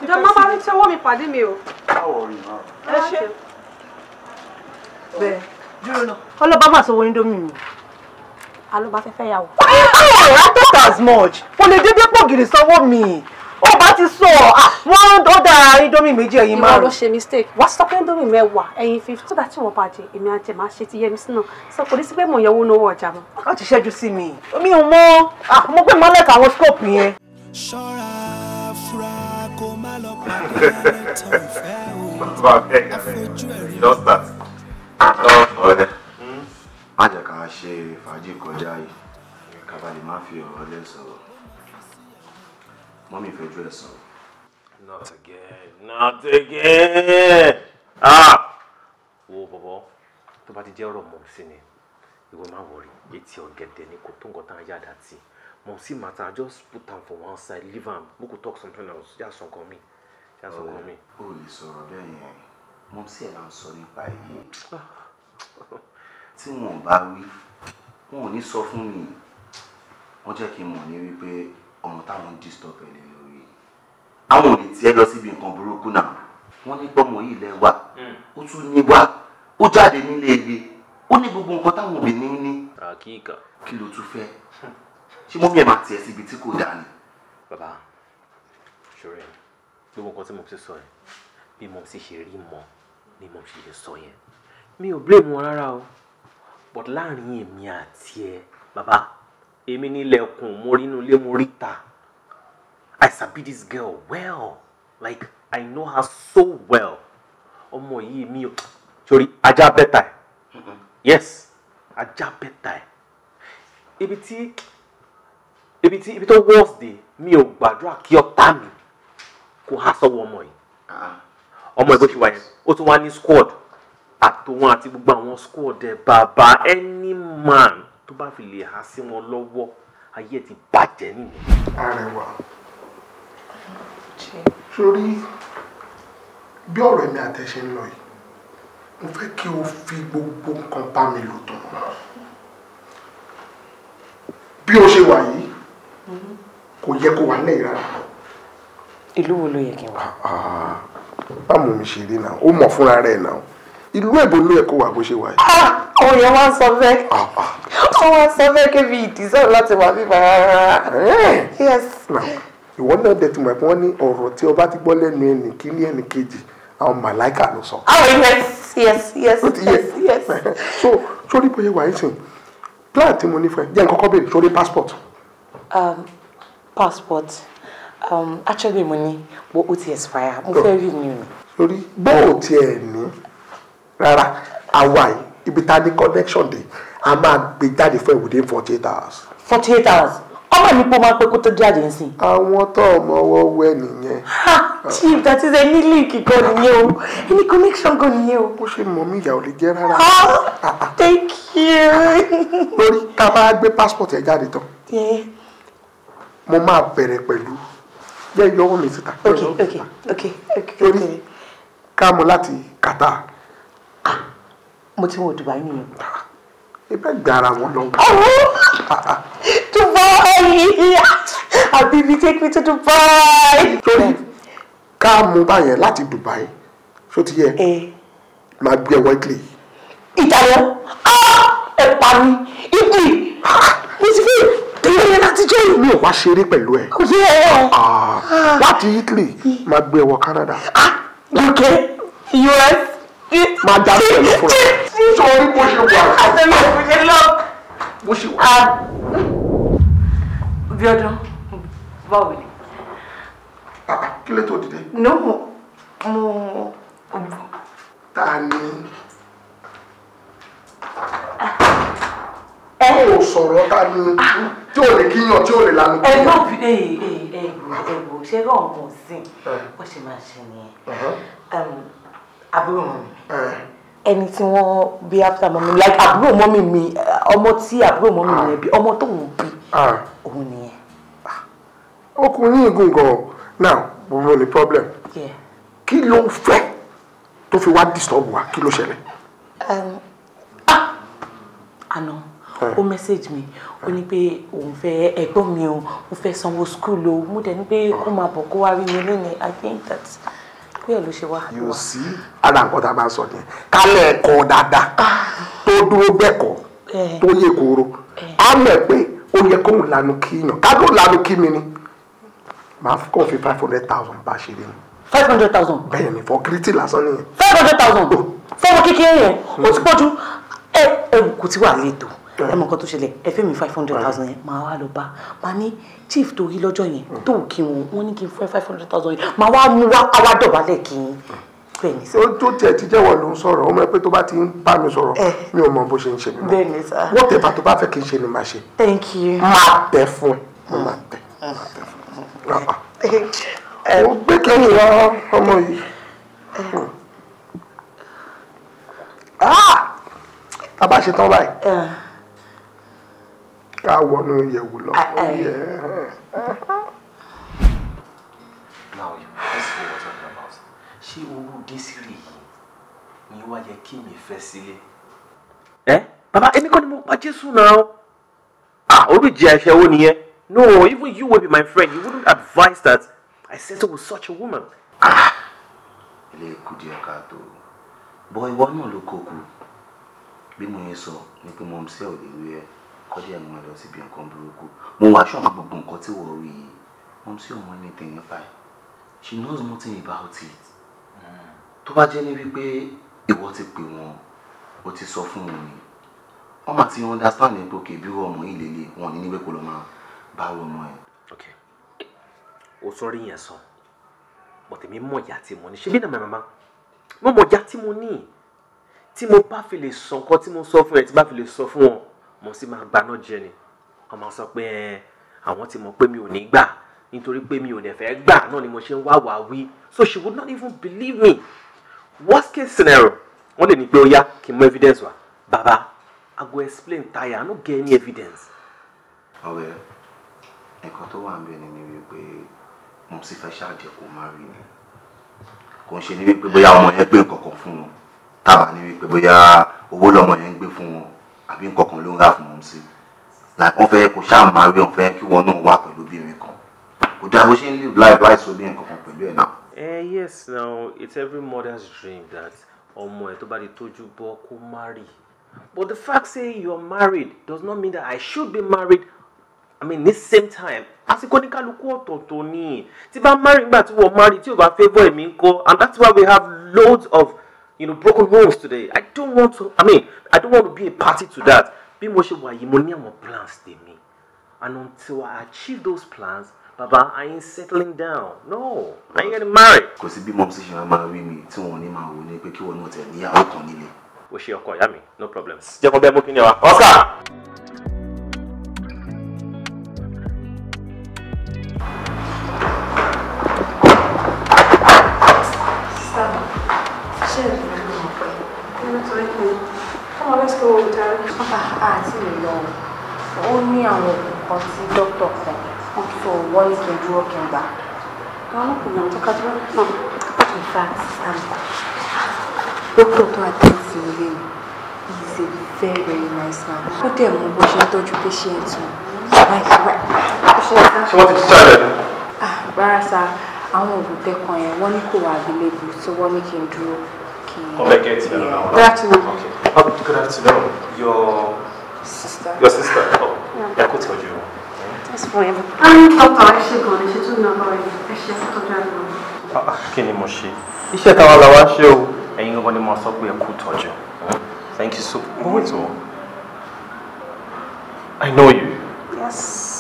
àjọ mm-hmm. má bá mi tí ọwọ́ mi pàdé mi o. báwo rí i náà. ẹ ṣe bẹ́ẹ̀ dúró náà. ọlọ́ba máa sọ owó indomie o alóba fẹ́fẹ́ yà wò. I thought as much kò lè dédé pọ̀ gìrì sanwó mi ọba ti sọ wọn ó da indomie méjì ẹyin márùn. ìwọ ló ṣe mistake wá sọ pé indomie mẹ́wàá ẹyin fífi tó dàtí wọn bàjẹ́ èmi àjẹ máa ṣe ti yẹmi sínú sọ kò ní sí pé mò ń yẹwò náwó ọjà mọ́. wọ́n ti ṣẹ́jú sí mi mi ò mọ mo pè mọ́ lẹ́ka àwọn scope yẹn. ṣọ́ra fura kó má lọ pàdé àrẹ tó fẹ́ ọ̀rẹ́ hmm? má jẹ́ ká ṣe fàájì kọjá yìí kaba má fi ọ̀rọ̀ lẹ́ sọ̀rọ̀ mọ́mí ìfẹ́jú ẹ̀ sọ̀rọ̀. not again not again ah wo bọ̀bọ̀ tó bá ti jẹ́ ọ̀rọ̀ mọ̀ sí ni ìwọ máa wọ̀rí etí ọ̀gẹ̀dẹ̀ ni kò tó nǹkan tá a yá dá tì mọ̀ sí mata just put am for one side leave am We we talk something else yà sọ̀kan mi yà sọ̀kan mi. o lè sọ̀rọ̀ bẹ́ẹ̀ yẹn mo sì ẹ̀ là ń sọ nípa èyí tí wọn bá wí wọn ò ní sọ fún mi wọn jẹ́ kí n mọ̀ ní wípé ọmọ táwọn ń disturb ẹ̀ lé lórí àwọn ò lè tiẹ̀ lọ síbi nǹkan burúkú náà wọ́n ní pọ́mọ yìí lẹ́ wà hmm. ó tún ní wá ó jáde nílé ìwé ó ní gbogbo nǹkan táwọn obìnrin ní. àkíkà. kí ló tún fẹ́ ṣé mọ́mí ẹ̀ máa tiẹ̀ síbi tí kò dáa ni. bàbá ṣòro ẹ gbogbo nǹkan tí mo ti sọ ẹ bí mo ti ṣe rí mọ́ ni mo ṣe lè sọ yẹn mi ò blame wọn rárá o but láàrin èmi àti ẹ bàbá èmi nílẹ̀kùn mo rí inú ilé mo rí ta I sabi this girl well like I know her so well ọmọ yìí mi ò sori ajá bẹ́tà ẹ̀ yes ajá bẹ́tà ẹ̀ ibi tí ibi tí ibi tó worst dé mi ò gbàdúrà kí ọ̀tá mi kó há sọ́wọ́ ọmọ yìí. Ah, ah ọmọ ẹgbẹ́ ṣe wà yẹn ó tún wá ní squad àtòwọn àti gbogbo àwọn squad ẹ̀ bàbá any man tó bá fi lè há sí wọn lọ́wọ́ ayé ẹ̀ ti bàjẹ́ nìyẹn. Arẹwà sórí bí ọ̀rọ̀ èmi àtẹ̀ṣe ń lọ yìí mo fẹ́ kí o fi gbogbo nǹkan bá mi lò tán bí o ṣe wà yìí kò yẹ kó wà lẹ́yìn rárá. ìlú wo ló yẹ kí n wà. Ah, ah báwo mi ṣe rí náà ó mọ̀ fúnra rẹ̀ náà ìlú èbó ló yẹ kó wà bó ṣe wà yìí. Ah, àwọn èèyàn wá ń sọ bẹ́ẹ̀ ah, ah. wọ́n wá ń sọ bẹ́ẹ̀ kébi ìdísọ́ láti wà bíbá rárá. Eh. ìwọ náà dẹ̀ ti mọ̀ pé wọ́n ní ọ̀rọ̀ tí ọba ti gbọ́ lẹ́nu ẹnì kíní ẹnì kejì àwọn màláìkà ló sọ. àwọn oh, yes yes yes yes yes. so sórí bóyá wà yín sìn plan tí mo ní fún ẹ jẹ́ nǹkan sórí passport. Um, passport um, actually mo ní wo o ti expire mo fẹ́ oh. rí ni o. sori bó o tiẹ̀ ní rárá àwa yìí ibi tá a ní connection dé a máa gbé jáde fún ìwòdì forty eight hours. forty eight hours ọmọ mi pọ máa pé kó tó jáde ń sìn. àwọn tó ọmọ ọwọ́ wẹ nìyẹn. chief that is any link gan nìyẹn o any connection gan nìyẹn o. bó ṣe mọ mi ìyàwó lè jẹ rárá. thank you. lórí ká bá gbé passport ẹ jáde tán mo máa bẹ̀rẹ̀ pẹ̀lú jẹ́ yọ ohun mi síta. ok ok ok ok. torí ká mú láti Qatar. mo ti wọ Dubai nìyẹn. ibẹ̀ gbàrà wọn lọ. Dubai àbíbí take me to Dubai. torí ká mú báyẹn láti Dubai So ti yẹ eh. máa gbé ẹwọ Italy. ìdáná ah! ẹ pa mi ìpè ah! mo ti fi ìwé yẹn láti jẹ́ ìlú. mi ò wá ṣeré pẹ̀lú ẹ. kò sí ẹ̀rọ. Ah, ah. láti Italy máa gbé ẹwọ Canada. Ah, UK US. máa dá pẹ̀lú fún ẹ. sọrí bó ṣe wà. àtẹ̀lẹ́ òkúté lọ. bó ṣe wà. Bíọ́dún báwo ni. kí lè tó dìde. no mo. ta ni. ò sọ̀rọ̀ ta ni ah. tí ò lè kíyàn tí ò lè lanu. ẹ má fi ẹ ẹ ẹ wò ṣé rán ọ̀gbọ̀n sí bó ṣe máa ṣe nìyẹn uh-huh. um, àbúrò mọ́ mi ẹni tí wọ́n bí after mọ́mí like àbúrò mọ́mí mi ọmọ tí àbúrò mọ́mí mi bí ọmọ tó wù bí òun nìyẹn. ọkùnrin ah. yìí gùn gan-an now mo ní problem kí ló ń fẹ́ tó fi wá disturb wa kí ló ṣẹlẹ̀. Um, ah! àná ó hmm. message mi ó ní pé òun fẹ́ ẹ̀gbọ́n mi o ó fẹ́ sanwó school o mo dẹ̀ ní pé kó máa bọ̀ kó wá rí mi lónìí i think that bẹ́ẹ̀ ló ṣe wá. yóò sí ara nǹkan tá a máa sọ yẹn kálẹ̀ ẹ̀kọ́ dáadáa tó dúró gbẹ̀kọ́ eh. tó yẹ kóró á eh. mọ̀ pé ó yẹ kóun lanu kíyàn kájọ lanu kí mi ni màá kàn fi five hundred thousand bá ṣe rí mi five hundred thousand. bẹ́ẹ̀ ni fọ kiriti five hundred thousand oh. fọwọ́ kékeré yẹn ó ti hmm. pọ̀jù ẹ ẹ kò tí wà lẹ́tọ̀ọ́ ẹ mọ nǹkan tó ṣẹlẹ̀ ẹ fẹ́ mi five hundred thousand yẹn màá wá lọ bá màá ní chief tó rí lọ́jọ́ yẹn tó kí wọn wọn ní kí n fẹ́ five hundred thousand yẹn màá wá mú wá àwa dọ̀bálẹ̀ kí n pè ní. ó tó tiẹ̀ ti jẹ́wọ́ ló ń sọ̀rọ̀ ọmọ ẹ pé tó bá ti ń bá mi sọ̀rọ̀ eh. mi ò mọ bó ṣe ń ṣe mi mọ́ bẹ́ẹ̀ni sá wọ́n tó bá fẹ́ kí n ṣe ni màá ṣe. thank you. máa tẹ fún ẹ máa tẹ mo eh, ah, ah. Eh. gbé kẹ́yìn wá ọmọ yìí hmm. ah! a bá ṣe tán báyìí ká wọnú ìyẹ̀wò lọ. Ah, eh. now you first know what I'm about ṣé owó dísírì yìí ni wàá yẹ kí mi fẹ́ sílé. ẹ bàbá èmi kọ́ ni mo pa jésù náà ah olùjẹ ẹ̀ṣẹ̀ wo nìyẹn no even you wey be my friend you wouldn't advise that I settle with such a woman. ah ilé ikú díẹ̀ káàtó bọ́ ìwọ náà ló kó kú bí mo yẹ sọ ni pé mo ń ṣe òde wí kọ́dí ẹ̀ máa lọ síbi nǹkan burúkú mo wà ṣọ́ọ̀kan gbogbo nǹkan tí wọ́n rí yìí mo sì ò mọ anything nípa she knows nothing about it tó bá jẹ́ ní wípé ìwọ ti pè wọ́n o ti sọ fún wọn ni wọ́n máa ti understand ẹ̀ pé òkè bí wọ́n ọmọ yìí lélẹ̀ wọn ní níwèé kó lọ́ máa bá wọn mọ́ ẹ̀. ok o sọrí yẹn sọ bọ̀tẹ̀mí mọ̀ ìyá tí mo ní ṣe bí nàá màmá mo mọ̀ ìyá tí mo ní tí mo bá fi lè sọ nǹkan tí mo sọ fún ẹ tí bá fi lè sọ fún wọn mo sì máa gbaná jẹ ni wọ́n máa sọ pé àwọn ti mọ̀ pé mi ò ní gbà nítorí pé mi ò dẹ̀ fẹ́ gbà náà ni mo ṣe ń wá wàá wí so she would not even believe me worst case scenario wọ́n lè ní pé ó yá kí n mú evidence wá baba i go explain tire i no get any evidence. ọ̀rẹ́ ẹ̀kọ́ tó wà ń bẹ ni wípé mo sì fẹ́ ṣáàjẹ́ kó má rí ni kò ń ṣe ní wípé bóyá ọmọ yẹn gbé nǹkan kan fún wọn táwa ní wípé bóyá owó lọmọ yẹn ń gbé fún wọn àbí nǹkan kan ló ń rà fún un sí làkàn fẹ́ kó ṣáà máa rí ọ̀fẹ́ kí wọn náà wà pẹ̀lú obìnrin kan kò dáa bó ṣe ń live life láìsọ bí nǹkan kan pẹ̀lú ẹ̀ náà. Eh, yes now it's every mother's dream that ọmọ ẹ tó bá di tójú bọ kó marry but the fact say you are married does not mean that I should be married I mean this same time àsìkò ní kálukú ọ̀tọ̀ọ̀tọ̀ ni tí bá marry nígbà tí wọ́n marry tí ò bá favour èmi ń kọ́ and that's why we have loads of you know broken homes today i don't want to i mean i don't want to be a party to that bí mo ṣe wà yìí mo ní àwọn plans tèmi and until i achieve those plans baba i ain't settling down no i ain't getting married. kò sí bí mo ṣe ṣe máa rí mi tí wọn ní máa wò ni pé kí wọn náà tẹ níyàwó kan nílé. o ṣe ọkọ ìyá mi no problem. jẹ́ kó bẹ́ẹ̀ mú kí ni wa. oscar. primary school darí. àti lè lọ ó ní àwọn oògùn kan tí dókítà kan ó sọ wọ́n ní kí n dúró kí n gbà. àwọn oògùn náà tó kájú náà in fact um, dókítà tó attend sí ilé mi he is a very very nice man. ó dẹ̀ mú bó ṣe ń tọ́jú patient o. ṣé wọ́n ti ti ṣàlẹ̀ ni. rárá sá àwọn oògùn tẹ́kàn yẹn wọ́n ní kò wá available so wọ́n ní kí n dúró kí n. kọ́ńbẹ́kẹ́ ti lọ náà. How could good know Your sister. Your sister. Oh, yeah. yeah could tell you. That's forever. I'm Dr. Aisha Goni. She told me about Aisha Kodrano. Kí ni mo ṣe? Iṣẹ́ táwa la wá ṣe o. Ẹ̀yin gangan ni mo Thank you so much. I know you. Yes.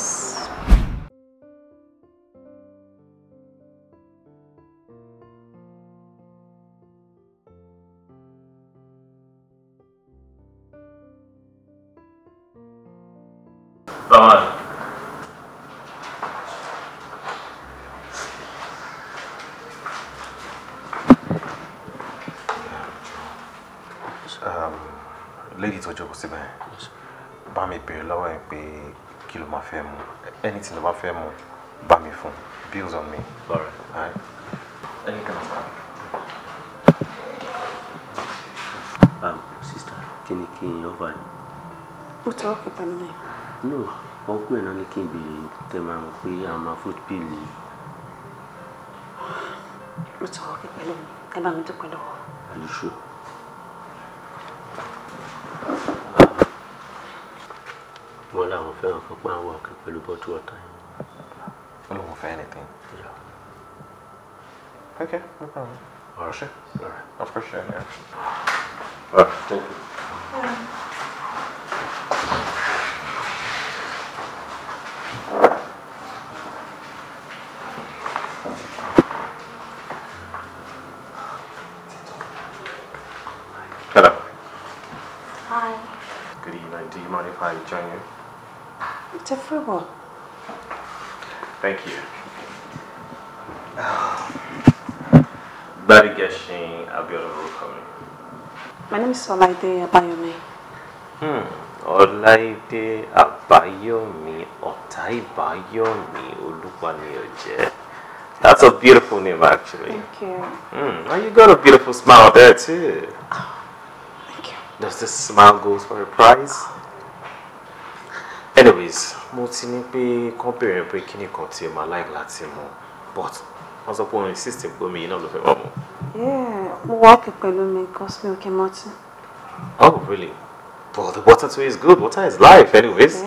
Come um, on. lady tó jókòó síbẹ̀ bá mi bèrè lọ́wọ́ ẹ̀ pé kí ló máa fẹ́ mu anything ló bá fẹ́ mu bá mi fún bills on me. All right. All right. anything Um, sister kí ni kí n yọ báyìí. mo tọwọ́ kẹta nílẹ̀. no ọkọ ẹ̀ náà ní kí n béèrè tẹ́ máa mọ̀ pé a máa foot bill yìí. mo ti wọ pé pẹ̀lú mi ẹ bá mi dúpẹ́ lọ́wọ́. àlùṣọ. wọn làwọn fẹ́ràn kan pé àwọn ọ̀kẹ́ pẹ̀lú bọ́tú ọ̀tá yẹn. wọn làwọn fẹ́ anything. Yeah. no problem. All right. Sure. All right. Of course, sure, yeah. Thank you. Yeah. Um, It's a football. Thank you. Bari Geshin Abiola Rukomi. My name is Olaide Abayomi. Hmm. Olaide Abayomi Otai Otaibayomi Oluwaniyoje. That's a beautiful name, actually. Thank you. Hmm. Oh, you got a beautiful smile there, too. thank you. Does this smile go for a prize? Anyways, mo ti ní pé kán bèrè pé kí ni kan tí o like láti mọ but wọ́n sọ pé òun insist pé omi yìí náà ló fẹ́ wà mọ́. mo wá kí pẹ̀lú mi cause mi ò kí oh really but the water too is good water is life anyways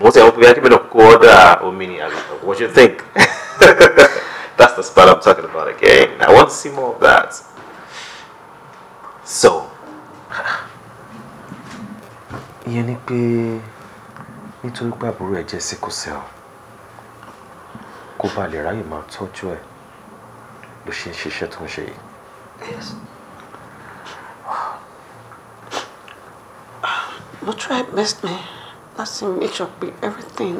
mo ti àwọn pé akébẹ̀ náà kó ọ́dà omi ni àbí what you think that's the spot I'm talking about again I want to see more of that so ìyẹn ni pé nítorí pé àbúrò ẹ̀ jẹ́ síkùsẹ́ọ̀ kó ba lè ráyè máa tọ́jú ẹ̀ ló ṣe ń ṣiṣẹ́ tó ń ṣe yìí. mo try best me láti make sure pé everything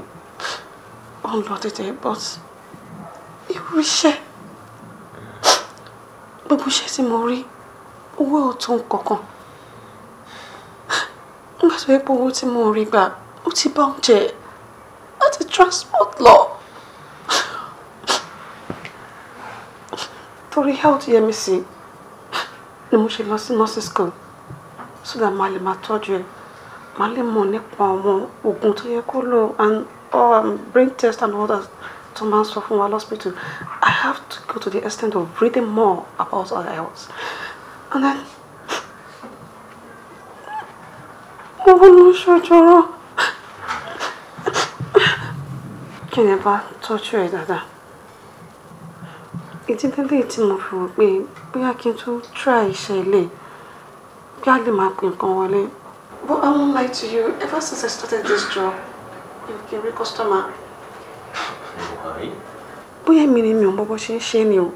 on ń lọ but irú iṣẹ́ gbogbo iṣẹ́ tí mo rí owó ò tó nǹkan kan nígbà tó yẹ pé owó tí mo rí gbà ó ti bá oúnjẹ láti transport lọ. torí health yẹmi sí ni mo ṣe lọ sí nurses school so that màá lè máa tọ́jú ẹ̀ màá lè mọ̀ nípa àwọn oògùn tó yẹ kó lò and um, brain test and all that tó máa ń sọ fún wa lọ́spítù I have to go to the extent of reading more about our health and then mo wọ́n ló ṣòjọ́rọ́. kíni bá tọ́jú ẹ̀ dáadáa ìdí lélẹ̀ tí mo fi wò pé bóyá kí n tún try iṣẹ́ ilé bí a lè máa pè nǹkan wọlé. But I won't lie to you ever since I started this job you can be customer. bóyá mi ni mi ò mọ bó ṣe ń ṣe ni o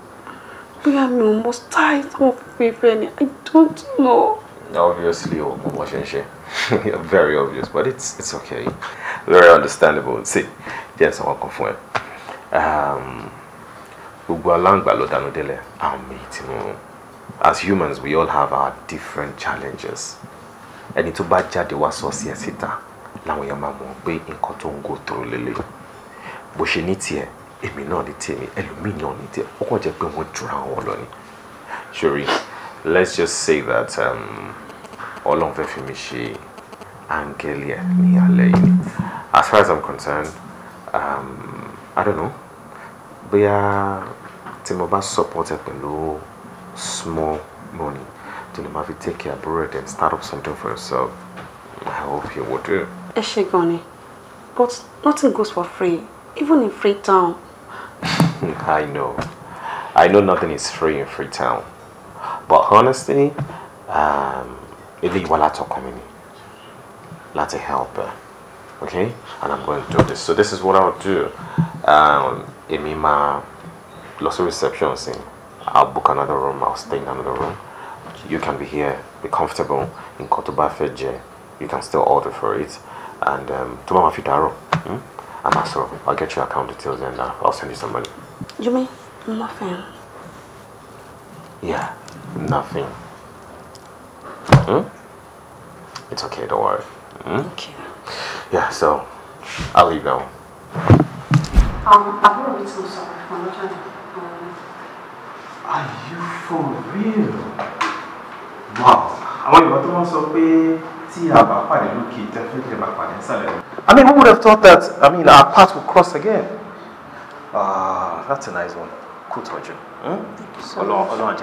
bóyá mi ò mọ style tí wọ́n fi fẹ́ ni I don't know. Obviously, o mọ bó ṣe ń ṣe. Very obvious, but it's it's okay. Very understandable. See, jẹ́ ẹ̀ kan fún ẹ um, gbogbo aláǹgbà ló dànù délẹ̀ àwọn méjì as humans we all have our different challenges ẹni tó bá jáde wá sọ́ọ̀sì ẹ̀ síta làwọn èèyàn máa mọ̀ pé nǹkan tó ń go tòrò lélẹ̀ bó ṣe ní tiẹ̀ èmi náà ní tèmi ẹlòmíì náà ní tiẹ̀ ó kàn jẹ́ pé wọ́n jura wọn lọ ni sori let's just say that um, ọlọ́run fẹ́ fi mi ṣe áńgẹ́lì ẹ̀ ní alẹ́ yìí as far as i'm concerned um, I don't know bóyá tí mo bá support ẹ pẹ̀lú small money tí lè máa fi take care àbúrò ẹ̀ then start up something for yourself I hope you would do. ẹ ṣe gan ni but nothing goes for free even in Free Town. I know I know nothing is free in Free Town, but honestly um, ilé ìwà látọkàn mi ni láti help her. okay and I'm going to do this so this is what I'll do um, in my reception scene I'll book another room I'll stay in another room you can be here be comfortable in Kotoba Feje you can still order for it and um, tomorrow Fitaro hmm? and also I'll get your account details and uh, I'll send you some money you mean nothing yeah nothing hmm? it's okay don't worry hmm? okay yeah, so I'll leave now. Um, I've got a written sorry for my channel. Are you for real? Wow. Àwọn ìwà tó wọ́n sọ pé tí a bá pàdé lókè definitely máa pàdé nísàlẹ̀. I mean, who would have thought that, I mean, our paths would cross again? Ah, that's a nice one. Cool, hmm? you. tọ́jú. Thank you so much.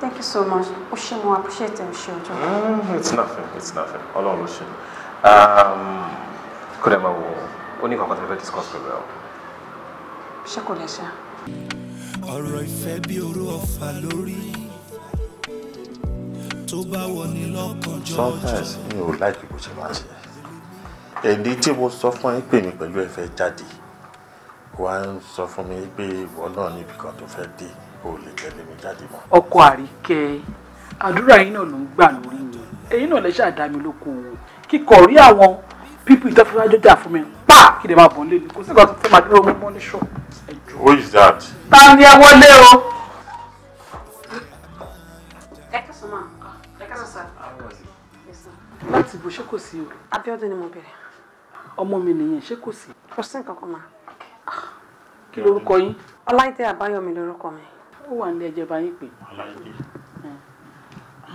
Thank you so much. I ṣe mo appreciate ẹ̀ ṣe ọjọ́. Hmm, it's nothing, it's nothing. Ọlọ́run kó dẹ̀ máa wò ó ní kankan tó fẹ́ discuss pẹ̀lú ẹ ọ̀rọ̀ ìfẹ́ bí oró ọ̀fà lórí tó bá wọ ní lọ́kàn sometimes mi ò láìpẹ́ bó ṣe máa ṣe èdè tí mo sọ fún ẹ pè mí pẹ̀lú ẹ̀fẹ́ jáde wàá ń sọ fún mi pé ìwọ náà níbi kan tó fẹ́ dé o lè tẹ̀lé mi jáde mọ́. ọkọ àríkẹ́ àdúrà yín náà ló ń gbà lórí mi ẹ̀yin náà lè ṣàdámi lóko kíkọ̀ rí àwọn pípì tó fi wájú jà fún mi pa kí lè máa bọ̀ lé mi kò sí nǹkan tó máa dúró mú mọ́ ní ṣọ́. who is that. ta ni ẹ wọlé o. láti bò ṣé kò sí o. Abíọ́dún ni mo bẹ̀rẹ̀. ọmọ mi nìyẹn ṣé kò sí. kò sí nǹkan kan mà. kí lorúkọ yín. Ọláìdé Àbáyọ̀mí lorúkọ mi. ó wà ní ẹjẹ bá yín pè. Ọláìdé.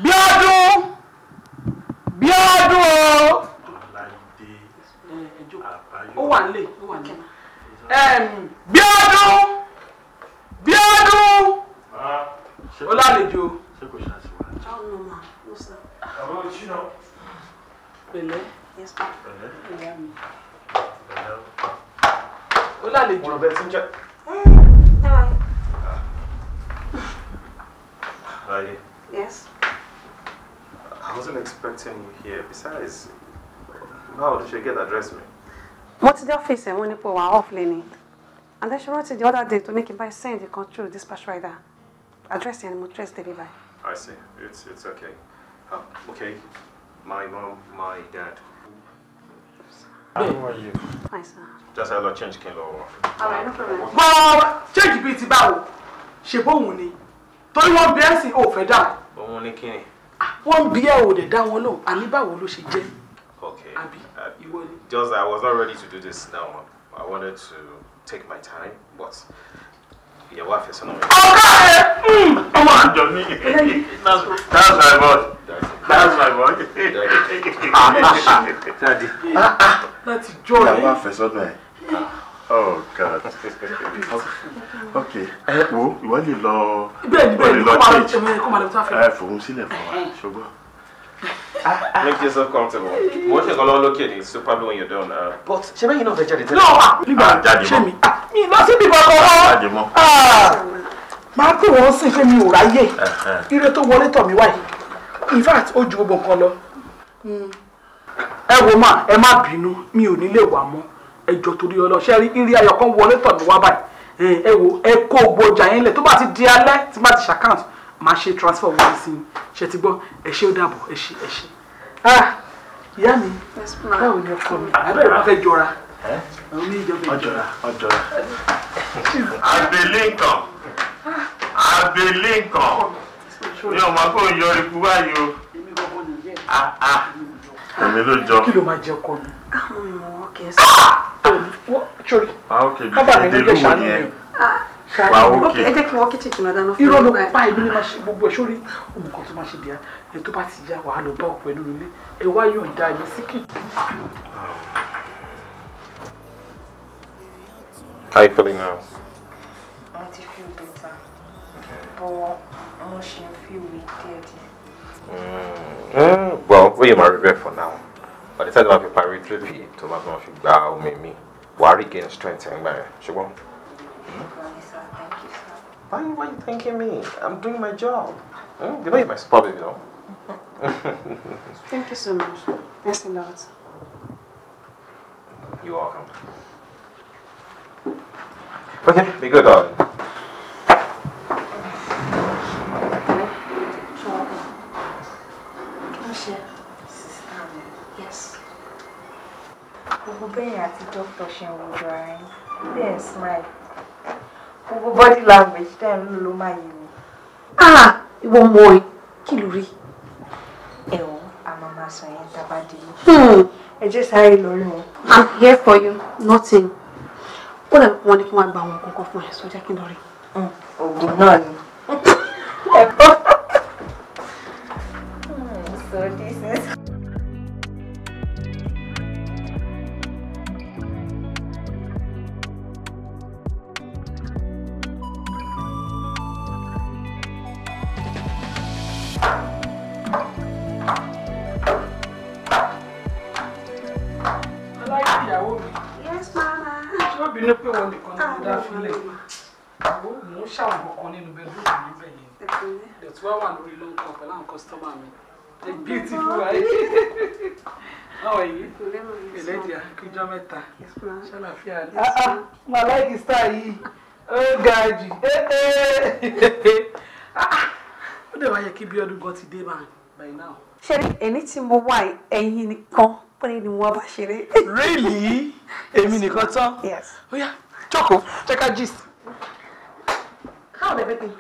Bíọ́dún bí ọdún o. ó wà nílé ó wà nílé. bí ọdún bí ọdún ó lálejò. pẹ̀lẹ́ ó lálejò. Mm, ah. Yes. I wasn't expecting you here. Besides, how did she get address me? Mo ti dé ọ́fíìsì wọn nípò wà off lẹ́ni. And then she wrote it the other day to make him buy send the control dispatch rider. Address and mo trace delivery. I see. It's it's okay. Uh, okay. My mom, my dad. How are you? Fine, sir. Just hello change kin lọ́wọ́. Alright, no problem. Well, change bíi ti báwo. Ṣé bóun ni? Torí wọ́n bí ẹ̀sìn ò fẹ́ dà. Òun ni kí Ah, wọ́n bí ẹ̀ ò dẹ̀ dá wọn lóhùn àní báwo ló ṣe jẹ́ àbí uh, ìwọ just I was not ready to do this now I wanted to take my time but ìyàwó àfẹsọ́nà mi. ọ̀gá rẹ̀ hmm! ọmọ àjọ mi that's my boy that's my boy. Ah, ah, láti jọ ẹ. ìyàwó àfẹsọ́nà ẹ oh god ok ẹ wo ìwọ lè lọ ìwọ lè lọ church ẹ fòun sílẹ̀ fún wa eh. ṣùgbọ́n. Make yourself comfortable. Mo ṣe kọ́lọ́ lókè ni super do when you're done. Uh, but ṣe bẹ́ẹ̀ yín náà fẹ́ jáde tẹ́lẹ̀. No! Ah, nígbà ah, ah, jáde mọ́. Mi lọ sí ibi kankan rán. Jáde mọ́. Máa pè wọ́n sí pé mi ò ráyè. Uh-huh. Ire tó wọlé tọ̀ mí wáyé. In fact, ó ju gbogbo nǹkan lọ. Mm. Ẹ wo máa, ẹ má bínú, mi ò ní lè wà mọ́ ẹjọ́ torí ọlọ́ṣẹ́ rí irí ayọ̀ kan wọlé tọ̀dọ̀ wá báyìí ẹ wo ẹ kó gbogbo ọjà yẹn lẹ̀ tó bá ti di alẹ́ tí bá ti ṣàkáǹtì máa ṣe transfer wọlé sí i ṣe ti gbọ́ ẹ ṣé ó dàbọ̀ ẹ ṣé ẹ ṣé. Ah, ìyá mi báwo ni ọkọ mi àbẹ̀rẹ̀ máa fẹ́ jọra ọjọra ọjọra àbẹ̀lẹ̀ nǹkan àbẹ̀lẹ̀ nǹkan mi ò kó yọ ikú báyìí o èmi ló jọ. kí ló máa jẹ ọkọ mi. káwọn mọ ọkẹ sọ. Ah! sori ah, kábà ah! mi ló jẹ ṣàánú mi. ṣàánú mi ẹ kí wọ́n kí máa dáná fún mi. irọ́ ló pa ìlú ni máa ṣe gbogbo ẹ̀ sórí ohun tó máa ṣe bíyà ẹ tó bá ti yá wàá lọ bá ọ̀pọ̀ ẹnu nílé ẹ wá yọ̀ǹda ẹ̀ sí kì. How you feeling now? I feel better, but mo ṣe ń feel weak díẹ̀díẹ̀. Mm. Eh, well, we are máa regret for now But the time ma fi parí tírèpì tó ma fi ma fi gba omi mi are rí gain strength ẹ̀ ń Thank you, Why, why are you thanking me? I'm doing my job. Hmm? You know you're my spot, you know. Thank you so much. Thanks a lot. You're welcome. Okay, be good, darling. gbogbo bẹ́yìn àti dókítà ṣe ń wojú ara smile gbogbo body language Then ń lò ló ah you ọmọ ẹ Killery. ló rí. ẹ o àmọ́ máa sọ Hmm. I just bá délé. i'm here for you nothing. ó lè wọ́n ní kí wọ́n gba àwọn nǹkan kan fún ẹ sọ́jà kí n lọ rí. Hmm, oògùn hmm, so this is. jẹ́ pé wọn nìkan ni ah, mo dá sílẹ̀ àwọn mò ń ṣàwọn kankan nínú bẹ́ẹ̀dúrà níbẹ̀ yẹn dẹ̀tí wá wà lórí ló ń kọ pẹ̀lú àwọn kọ́sítọ́mà mi ẹ beautiful ayé báwo yìí ẹlẹ́dìá kíjọ́ mẹ́ta ṣàlàfíà rẹ̀. Ah, ah, màláìkì star yìí ó ga jù ó dẹ̀ wá kí bí ọdún gan ti dé báyìí ṣeré ẹni tí mo wà ẹ̀yin nìkan péré ni wọ́n bá ṣeré. really èmi nìkan tán oya jókòó check out gist. how everything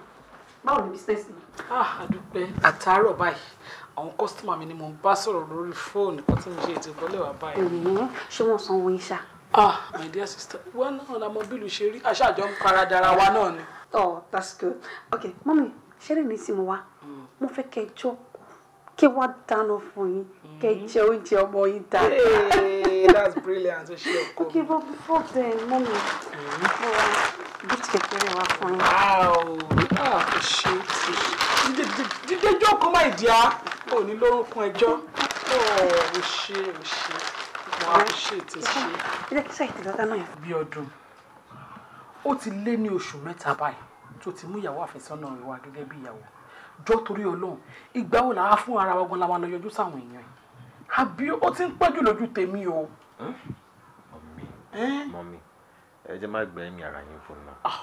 báwo ni business ah àdúpẹ́ àtàárọ̀ báyìí àwọn kọ́sítọ́mà mi ni mò ń bá sọ̀rọ̀ lórí fóònù kan tí mo ṣe ètò ìbọ́lẹ̀ wà báyìí. Mm-hmm. ṣé wọ́n san owó iṣá. ah my dear sister wọn náà la mọ bílù ṣe rí aṣáájọ ń para dara wa náà ni. oh that's good okay mọ́mi ṣeré ní sí mo wá hmm. mo fẹ́ kẹjọ́ kí wọ́n dáná fún yín kẹ́ mm-hmm. jẹ oúnjẹ ọmọ yín dáadáa. that's brilliant o ṣe ọkọ. okay but before then mọ́mi mm-hmm. mo ra gift kékeré wa fún yín. wow ah o ṣe dídé jókòó máa ìdí á ò ní lórúkún ẹjọ́ oh, o ṣe o ṣe wàá ṣe ti ṣe. ilé kíṣà ètò ìdọ́gá náà yẹn. bí ọdún ó ti lé ní oṣù mẹ́ta báyìí tó ti mú ìyàwó àfẹ́sọ́nà rẹ̀ wá gẹ́gẹ́ bí ìyàwó jọ torí Ọlọ́run ìgbà wo làá fún ara wa gan la máa lọ yọjú sáwọn èèyàn àbí ó ti ń pẹ́jù lójú tèmi o. mọ̀mí hm? mọ̀mí ẹ jẹ́ má gbẹ́ mi ara yín fún náà ah.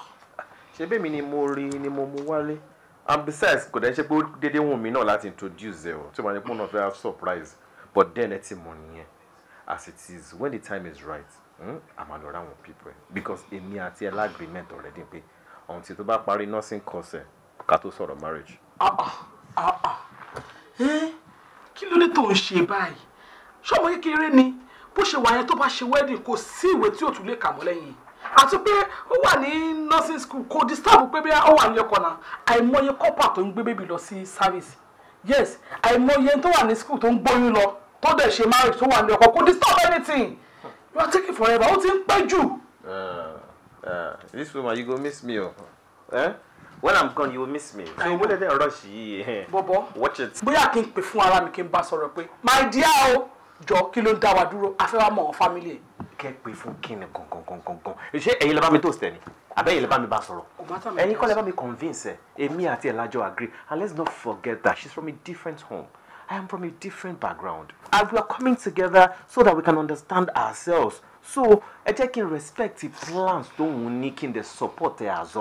ṣé bẹ́ẹ̀ mi ni mo rí ni mo mú wálé and besides kò dẹ́ ṣe pé ó déédéé wù mí náà láti introduce ẹ o tí mo ní pé mo fẹ́ surprise but then ẹ ti mọ̀ nìyẹn as it is when the time is right àmàlọ́ra hm, wọn people because èmi àti ẹ lágrimẹ̀t already pé ọ̀hún tí tó bá parí nursing course ẹ̀ ká tó sọ̀rọ̀ marriage kí ló dé tó ń ṣe báyìí ṣọmọ kékeré ni bó ṣe wà yẹn tó bá ṣe wedding kò sí ìwé tí ò tún lè kà mọ́ lẹ́yìn àti pé ó wà ní nursing school kò disturb pé bí ó wà ní ọkọ̀ náà àìmọye kọ́pà tó ń gbé bèbí lọ sí service yes àìmọye tó wà ní school tó ń gbóyún lọ tó dẹ̀ ṣe marriage tó wà ní ọkọ̀ kò disturb anything you are taking forever ó ti ń pẹ́ jù. Ah, ah, this woman you go miss me o. Oh. Eh? when i'm gone you will miss me. so wọ́n dẹ́dẹ́ rush yìí. bọ̀bọ̀ watch it. bóyá kí n pè fún ara mi kí n bá sọ̀rọ̀ pé my dear o jọ kí ló ń dá wa dúró afẹ́wà mọ̀ ọ́n fámílì ẹ̀. kẹ́ pé fún kíni gangan ṣé ẹ̀yin lè bá mi toast ẹ̀ ni àbẹ́ ẹ̀yin lè bá mi bá sọ̀rọ̀ ẹ̀yin kọ́ lè bá mi convince ẹ̀ èmi àti ẹ̀ agree and let's not forget that she's from a different home. I am from a different background. And we are coming together so that we can understand ourselves. So, ẹ jẹ́ kí n respect the plans tó ń ní kí n dey support ẹ as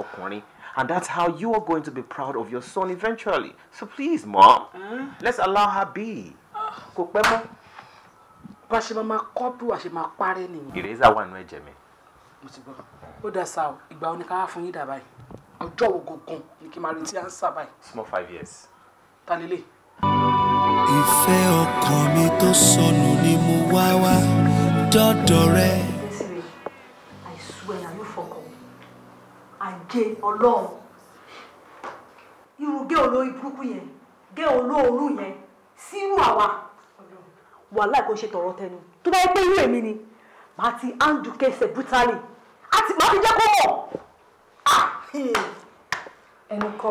And that's how you are going to be proud of your son eventually. So please, mom, mm. let's allow her be. Ah. Kò pẹ́ mọ́. Bá ṣe máa kọ́ bí wàá ṣe máa parẹ́ nìyẹn. Ìrèézà wà nínú ẹ̀jẹ̀ mi. Mo ti gbọ́. Ó dà sá o, ìgbà wo ni ká wá fún yín dà báyìí? Ọjọ́ wo gangan ni kí n máa retí ánsà báyìí? Small five years. Ta lélẹ̀? Ìfẹ́ ọkàn mi tó sọnù ni mo wá wá dọ́dọ̀ rẹ̀. gé ọlọ́run irú gé olórí burúkú yẹn gé olóorun yẹn sírú àwa wàhálà kò ṣe tọrọ tẹnu tó bá yẹ pé irú èmi ni màá ti áńdù kẹsẹ̀ brutally àti màá fi jẹ́ kó mọ̀. Ah! ẹnu kọ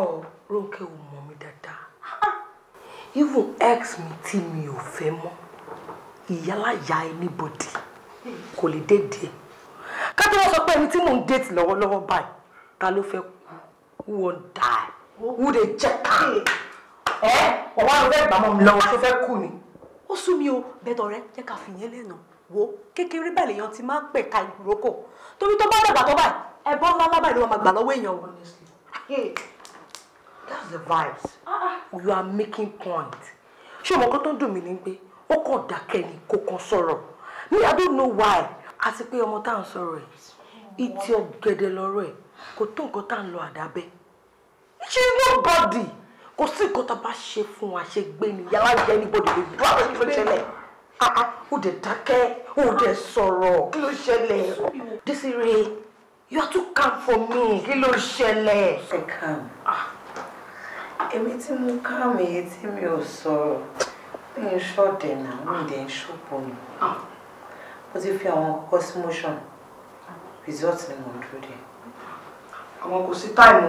Rónkẹ́ ò mọ̀ mi dáadáa even ah! ex mi tí mi ò fẹ́ mọ́ ìyálàyà anybody kò lè dédìí ẹ ká tó wọ́n sọ pé ẹni tí mò ń date lọ́wọ́lọ́wọ́ báyìí ta ló fẹ́ kú who wan die who dey check am ẹ ọ̀wá ló fẹ́ gbà mọ́ mi lọ́wọ́ tó fẹ́ kú ni. ó sú mi o bẹ́tọ̀ rẹ jẹ́ ká fìyẹn lẹ́nu wo kékeré bẹ́ẹ̀ lèèyàn ti máa ń pẹ̀ka ìrókò torí tó bá dàgbà tó báyìí ẹ̀bọ́n ńlá lábàá ìlú wa máa gbà lọ́wọ́ èèyàn o. that's the vibes you are making point ṣé ọmọ kan tó ń dùn mí ní pé ó kàn dákẹ́ ni kò sọ̀rọ̀ me i don't know why àti pé ọmọ tá à ń sọ̀rọ̀ ẹ̀ ìtì ọ̀gẹ̀dẹ̀ lọ́rọ̀ ẹ̀ kò tó nǹkan tá à ń lọ àdábẹ́ ṣé nobody kò sí nǹkan tá a bá ṣe fún wa ṣe gbé ni yàrá jẹ́ anybody lè bú àwọn ẹni tó ṣẹlẹ̀ ó dẹ̀ dákẹ́ ó dẹ̀ sọ̀rọ̀ kí ló ṣẹlẹ̀ Desire you are too calm for me kí ló ṣẹlẹ̀. ẹ calm ah. èmi tí mo calm èyí tí mi ò sọ̀rọ̀ mi ń ṣọ̀dẹ̀ náà mi dẹ̀ ń ṣọ̀pọ̀ mi ah. mo ti fi àwọn kọ́sí motion ni mo dúró dé àwọn kò sí táìmù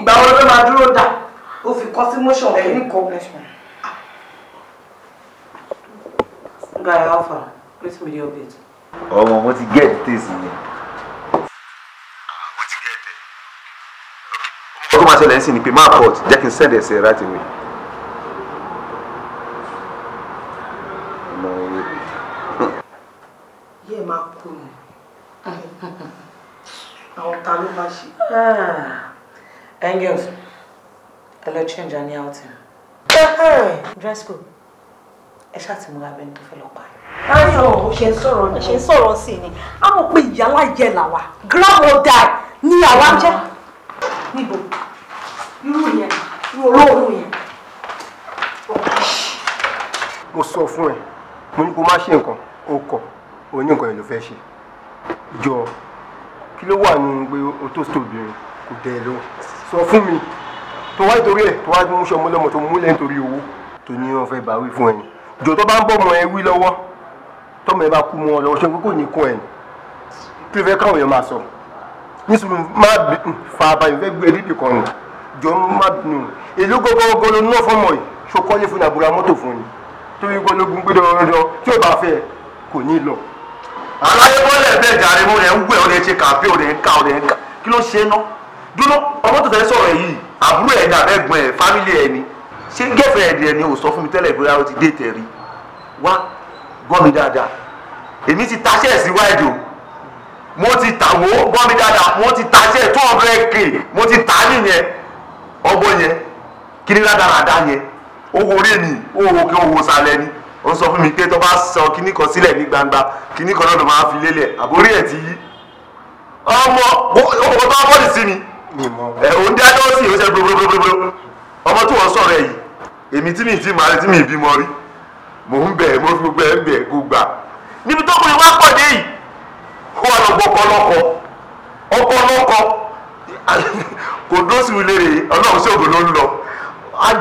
ìgbà wo ló fẹ́ máa dúró dà ó fi kọ́ sí motion kìíní kan. guy alpha wetin be the update. ọmọ mo ti get this ni. ó tó máa ṣẹlẹ̀ ń sìn ni pé máa port jẹ́ kí n send ẹ̀sẹ̀ right away. àwọn ta ló máa ṣe. Ah. angels ẹ lọ change any outing. dress code ẹ ṣàtìmúra bẹni tó fẹ́ lọ pa báyọ̀ ó ṣe ń sọ̀rọ̀ ní ṣe ń sọ̀rọ̀ sí ni a mọ̀ pé ìyá láyé làwà grand old guy ni àwa jẹ́. níbo irú yẹn irú olóòórùn yẹn. Oh, mo sọ fún ẹ mo ní kó má ṣe nǹkan ó kọ ó ní nǹkan ẹ ló fẹ́ ṣe jọ kí ló wà ní pé o tó sí obìnrin kò dẹ̀ lọ sọ fún mi tó wá nítorí ẹ̀ tó wá mú sọmọ lọ́mọ tó múlẹ̀ nítorí owó tó ní wọn fẹ́ bá wí fún ẹni jọ tó bá ń bọ̀ mọ́ ẹ wí lọ́wọ́ tọ́mọ ẹ bá kú mọ́ ọ lọ́wọ́ ṣe pé kò ní kún ẹ̀ kí ló fẹ́ káwọn èèyàn máa sọ nísìnyí má fa abayọ̀ fẹ́ gbé ẹdídì kan nù jọ má nù èlò gọgọgọ ló ná fọmọ yìí aláyébọ́lẹ̀ bẹ́ẹ̀ jàre mo rẹ̀ ń wẹ̀ ó lè ṣe kàfé ó lè ń ká ó lè ń ká kí ló ṣe ná dúró ọmọ tó sọ̀rọ̀ yìí àbúrò ẹ̀ ní abẹ́gbọ̀n ẹ̀ fámílì ẹ̀ ni ṣé ẹ̀ ti dé tẹ̀rí wá gbọ́ mi dáadáa èmi ti taṣẹ́ síwájú mo ti gbọ́ mi dáadáa mo ti taṣẹ́ tó ó sọ fún mi pé tó bá sọ kíní kan sílẹ̀ ní gbangba kíní kan náà máa fi lélẹ̀ àbórí ẹ̀ ti yí ọmọ ọmọ tó bọ́ọ̀lù sí mi ẹ òun dá lọ́wọ́ sí ọmọ tí wọ́n sọ ẹ̀ yìí èmi tí mi ti máa mi rí mò ń bẹ̀ mo fi ọkọ ọkọ ọlọ́run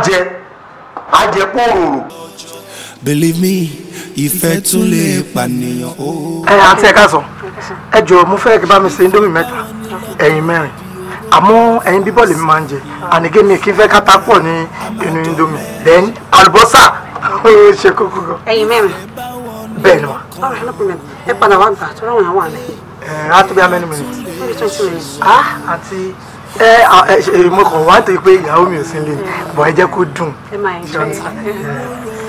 sí lọ á believe me ìfẹ́ tún lè pànìyàn o. ẹ àǹtí ẹ káàsán ẹ jọ̀ọ́ mo fẹ́ kí bá mi ṣe indomie mẹ́ta ẹ̀yin mẹ́rin àmọ́ ẹ̀yin bíbọ̀ lèmi máa ń jẹ ànigé mi kí n fẹ́ kátà pọ̀ ní inú indomie then àlùbọ́sà ó ṣe kókó gan. ẹ̀yin mẹ́rin. bẹ́ẹ̀ ni wa. ọ̀rọ̀ ẹ̀ lọ́kùnrin ẹ padà wá gbà tó ráwọn àwọn àná. ẹ á tó bí amẹ́ni mi ni. maybe twenty minutes. ah àti ẹ ẹ mo kàn wá tó pé ìyàwó mi ò sí lè bọ̀ ẹ jẹ́ kó dùn. ẹ máa ń jọ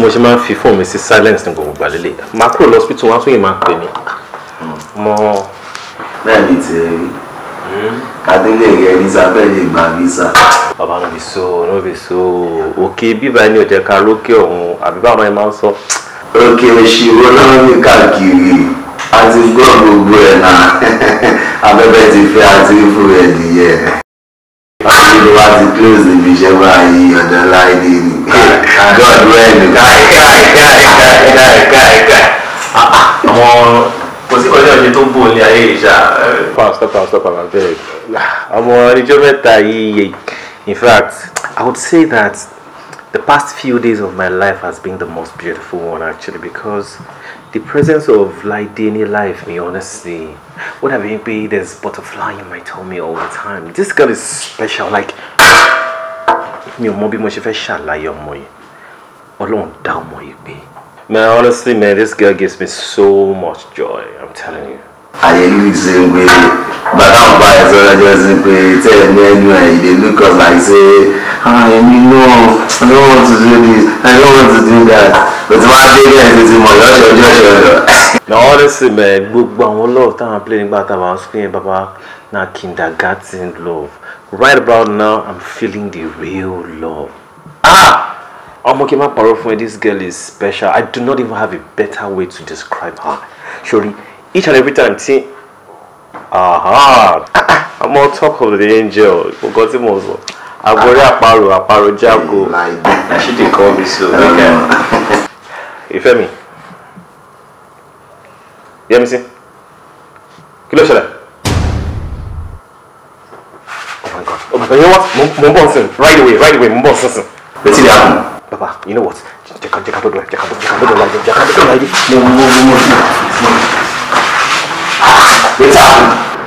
mo ṣe máa ń fi fóònù mi sí silence ní gbogbo àlélẹ̀ máa kúrò lọ́sítù wọn á tún yìí máa ń pè mí mọ́. bẹ́ẹ̀ ni ti rí adélé rẹ visa bẹ́ẹ̀ lè gba visa. bàbá mi bí so ní bí so òkè bíbá ẹni ọ̀jẹ̀ ká lókè ọ̀hún àbí báwọn ẹ máa ń sọ. òkè ìṣirò náà ní káàkiri a ti gbọ́ gbogbo ẹ̀ náà abẹ́bẹ́ ti fẹ́ àti fún ẹ̀ nìyẹn. àti ìlú wa ti close níbi iṣẹ́ báyìí ọ̀dọ́ láìdí ni. God bless you. Guy, guy, guy, guy, guy, guy, guy. Àwọn kò sí ọjọ́ ìṣe tó ń on. ní ayé ìṣá. Faster, am stop am in fact I would say that the past few days of my life has been the most beautiful one actually because the presence of like daily life me honestly would have been there's butterfly in my tummy all the time. This girl is special like mi ò mọ bí mo ṣe fẹ́ ṣàlàyé ọmọ yìí ọlọ́run dá ọmọ yìí pé. man honestly man this girl gives me so much joy i'm telling you. àyè luke ṣe ń pé bàbá ọba ẹ̀sọ́ ọjọ́ sí pé tẹ́ ní ẹnu ẹ̀ ìdè look us like say ah, èmi náà i don't want to do this i don't want to do that òtí wàá dé ní ẹ̀sìn tí mo yọ̀ọ́ ṣọjọ́ ṣọjọ́. na honestly man gbogbo àwọn love táwọn play nígbà táwọn screen baba na kindergarten love right about now i'm feeling the real love ah ọmọ kí n má parọ́ this girl is special i do not even have a better way to describe her Surely, each and every time see. aha i'm on top of the angel nǹkan tí mo sọ agbori àparò àparò jago na she dey call me so Ifemi. ìfẹ́ mi yẹmísí gosh. Okay, you know what? Mo ń bọ̀ nsìn. Right away, right away, mo ń bọ̀ nsìn. Wetin dey happen? Baba, you know what? Jẹ́ check jẹ́ ká tó check ẹ̀, jẹ́ ká tó jẹ́ check tó dùn láyé, jẹ́ ká tó dùn láyé. Mo mo mo mo mo. Wetin happen?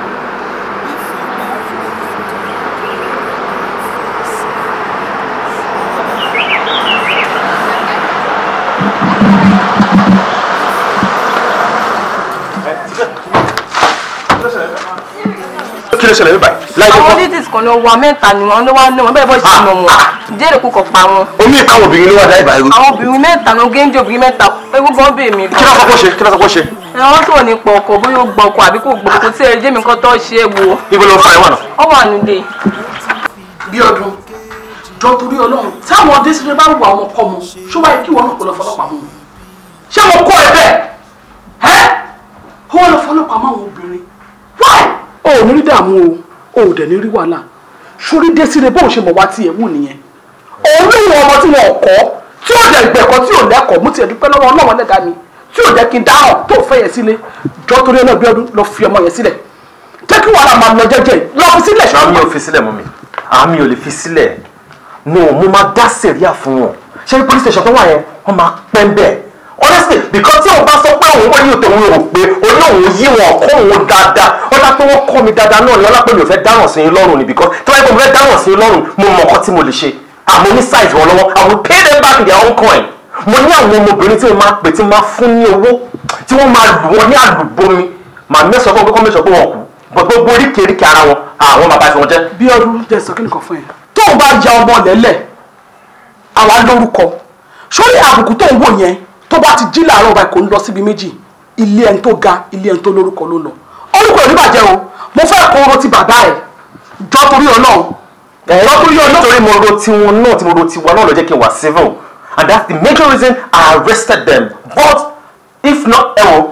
ṣẹlẹ̀ níbàyí. àwọn ladies kan lọ wà mẹ́ta ni wọ́n lọ́wọ́ náà wọ́n bẹ̀rẹ̀ bọ́ ìṣúná ah, wọn ah. jẹ́rẹ̀ kó kọ̀ pa wọn. omi ìpàwọn obìnrin ló wà dá ìbàyí. àwọn obìnrin mẹ́ta ló géńdé obìnrin mẹ́ta ewu gan bè mí. kí ló sọ kó ṣe kí ló sọ kó ṣe. ẹ̀rọ tó ní pọ̀ ọkọ̀ bóyá ó gbọ́ ọkọ̀ àbí kò gbọ́ ọkọ̀ tí ẹ jẹ́ mi kan tó ṣe é wo. ibo ló fa ìwà náà. ó wà nílé. bí ọdún jọ torí Ọlọ́run táwọn ọdẹ sílẹ̀ bá wà ọmọ kọ mọ ṣó wáyé kí wọn náà kó ní rí dààmú o ò dẹ̀ ní rí wàhálà sórí dé síre bó o ṣe mọ̀ wá tiẹ̀ wù nìyẹn òun ní ìwọ ọmọ tí wọn kọ́ tí ò dẹ̀ gbẹ̀kọ́ tí ò lẹ́kọ̀ọ́ mú tiẹ̀ dúpẹ́ lọ́wọ́ ọlọ́wọ́n lẹ́dàá mi tí ò jẹ́ kí n dáhùn tó fẹ́ yẹn sílé jọ torí ẹ náà bí ọdún lọ fi ọmọ yẹn sílẹ̀ jẹ́ kí wàhálà máa lọ jẹ́jẹ́ lọ fi sílẹ̀ ṣọ́ọ́ ò fi sílẹ̀ mọ́ mi àmì ò lè fi sílẹ̀ no mo máa dá sẹ̀ríà fún wọn ṣé police station tó wà yẹn wọ́n máa pẹ́ bẹ́ẹ̀ honestly because tí o bá sọ pé òun wọ́n yóò tó òun rò pé olóhùn yí wọn kó òun dáadáa ọlá pé wọ́n kọ́ mi dáadáa náà ni ọlá pé mi ò fẹ́ dáràn sí i lọ́rùn ni because tí wọ́n fẹ́ dáràn sí i lọ́rùn mo mọ̀ ọkọ tí mo lè ṣe àmọ́ ah, ní size wọn lọ́wọ́ I will pay them back their own coin mo ní àwọn ọmọbìnrin tí mo máa pè tí mo máa fún ní owó tí wọ́n máa lù wọ́n ní àlùbọ́mi màá mẹ́sàn fún ọgbẹ́kọ́ mẹ́sàn fún wọn kù gbogbo oríkèéríkèé ara wọn ah, àwọn bàbá tí wọ́n jẹ́. bí ọdún jẹ sọ kí nìkan fún yẹn. tó o bá ja ọmọ lẹ́lẹ̀ àwa lórúkọ sórí àbùkù tó ń wò yẹn tó bá ti jí làárọ̀ ọba kò ń lọ síbi méjì ilé ẹni tó ga ilé ẹni tó lórúkọ ló lọ orúkọ ò ní bàjẹ́ o mo fẹ́ kó ro ti bàbá ẹ̀ jọ torí ọlọ́run jọ torí ọlọ́run. nítorí mo ro tiwọn náà tí mo ro tiwa náà ló jẹ́ kí n wà civil and that's the major reason I arrested them but if not ẹ̀wọ̀n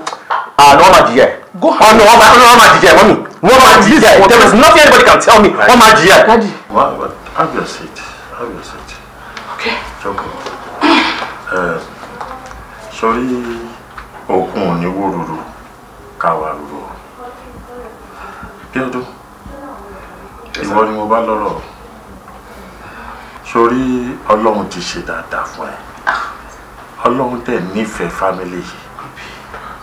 àná ọmọ àjìyẹ ọ̀nà ọmọ àjìyẹ wọ́n mi wọ́n máa jìyẹ there is nothing anybody can tell me wọ́n máa jìyẹ. have your seat have your seat. okay. Jump on. Uh, sórí òkun ò ní wó ruru ká wà ruru bí ọdún ìwọ ni mo bá lọ́rọ̀ sórí ọlọ́run ti ṣe dáadáa fún ẹ ọlọ́run tẹ̀ nífẹ̀ẹ́ fámílì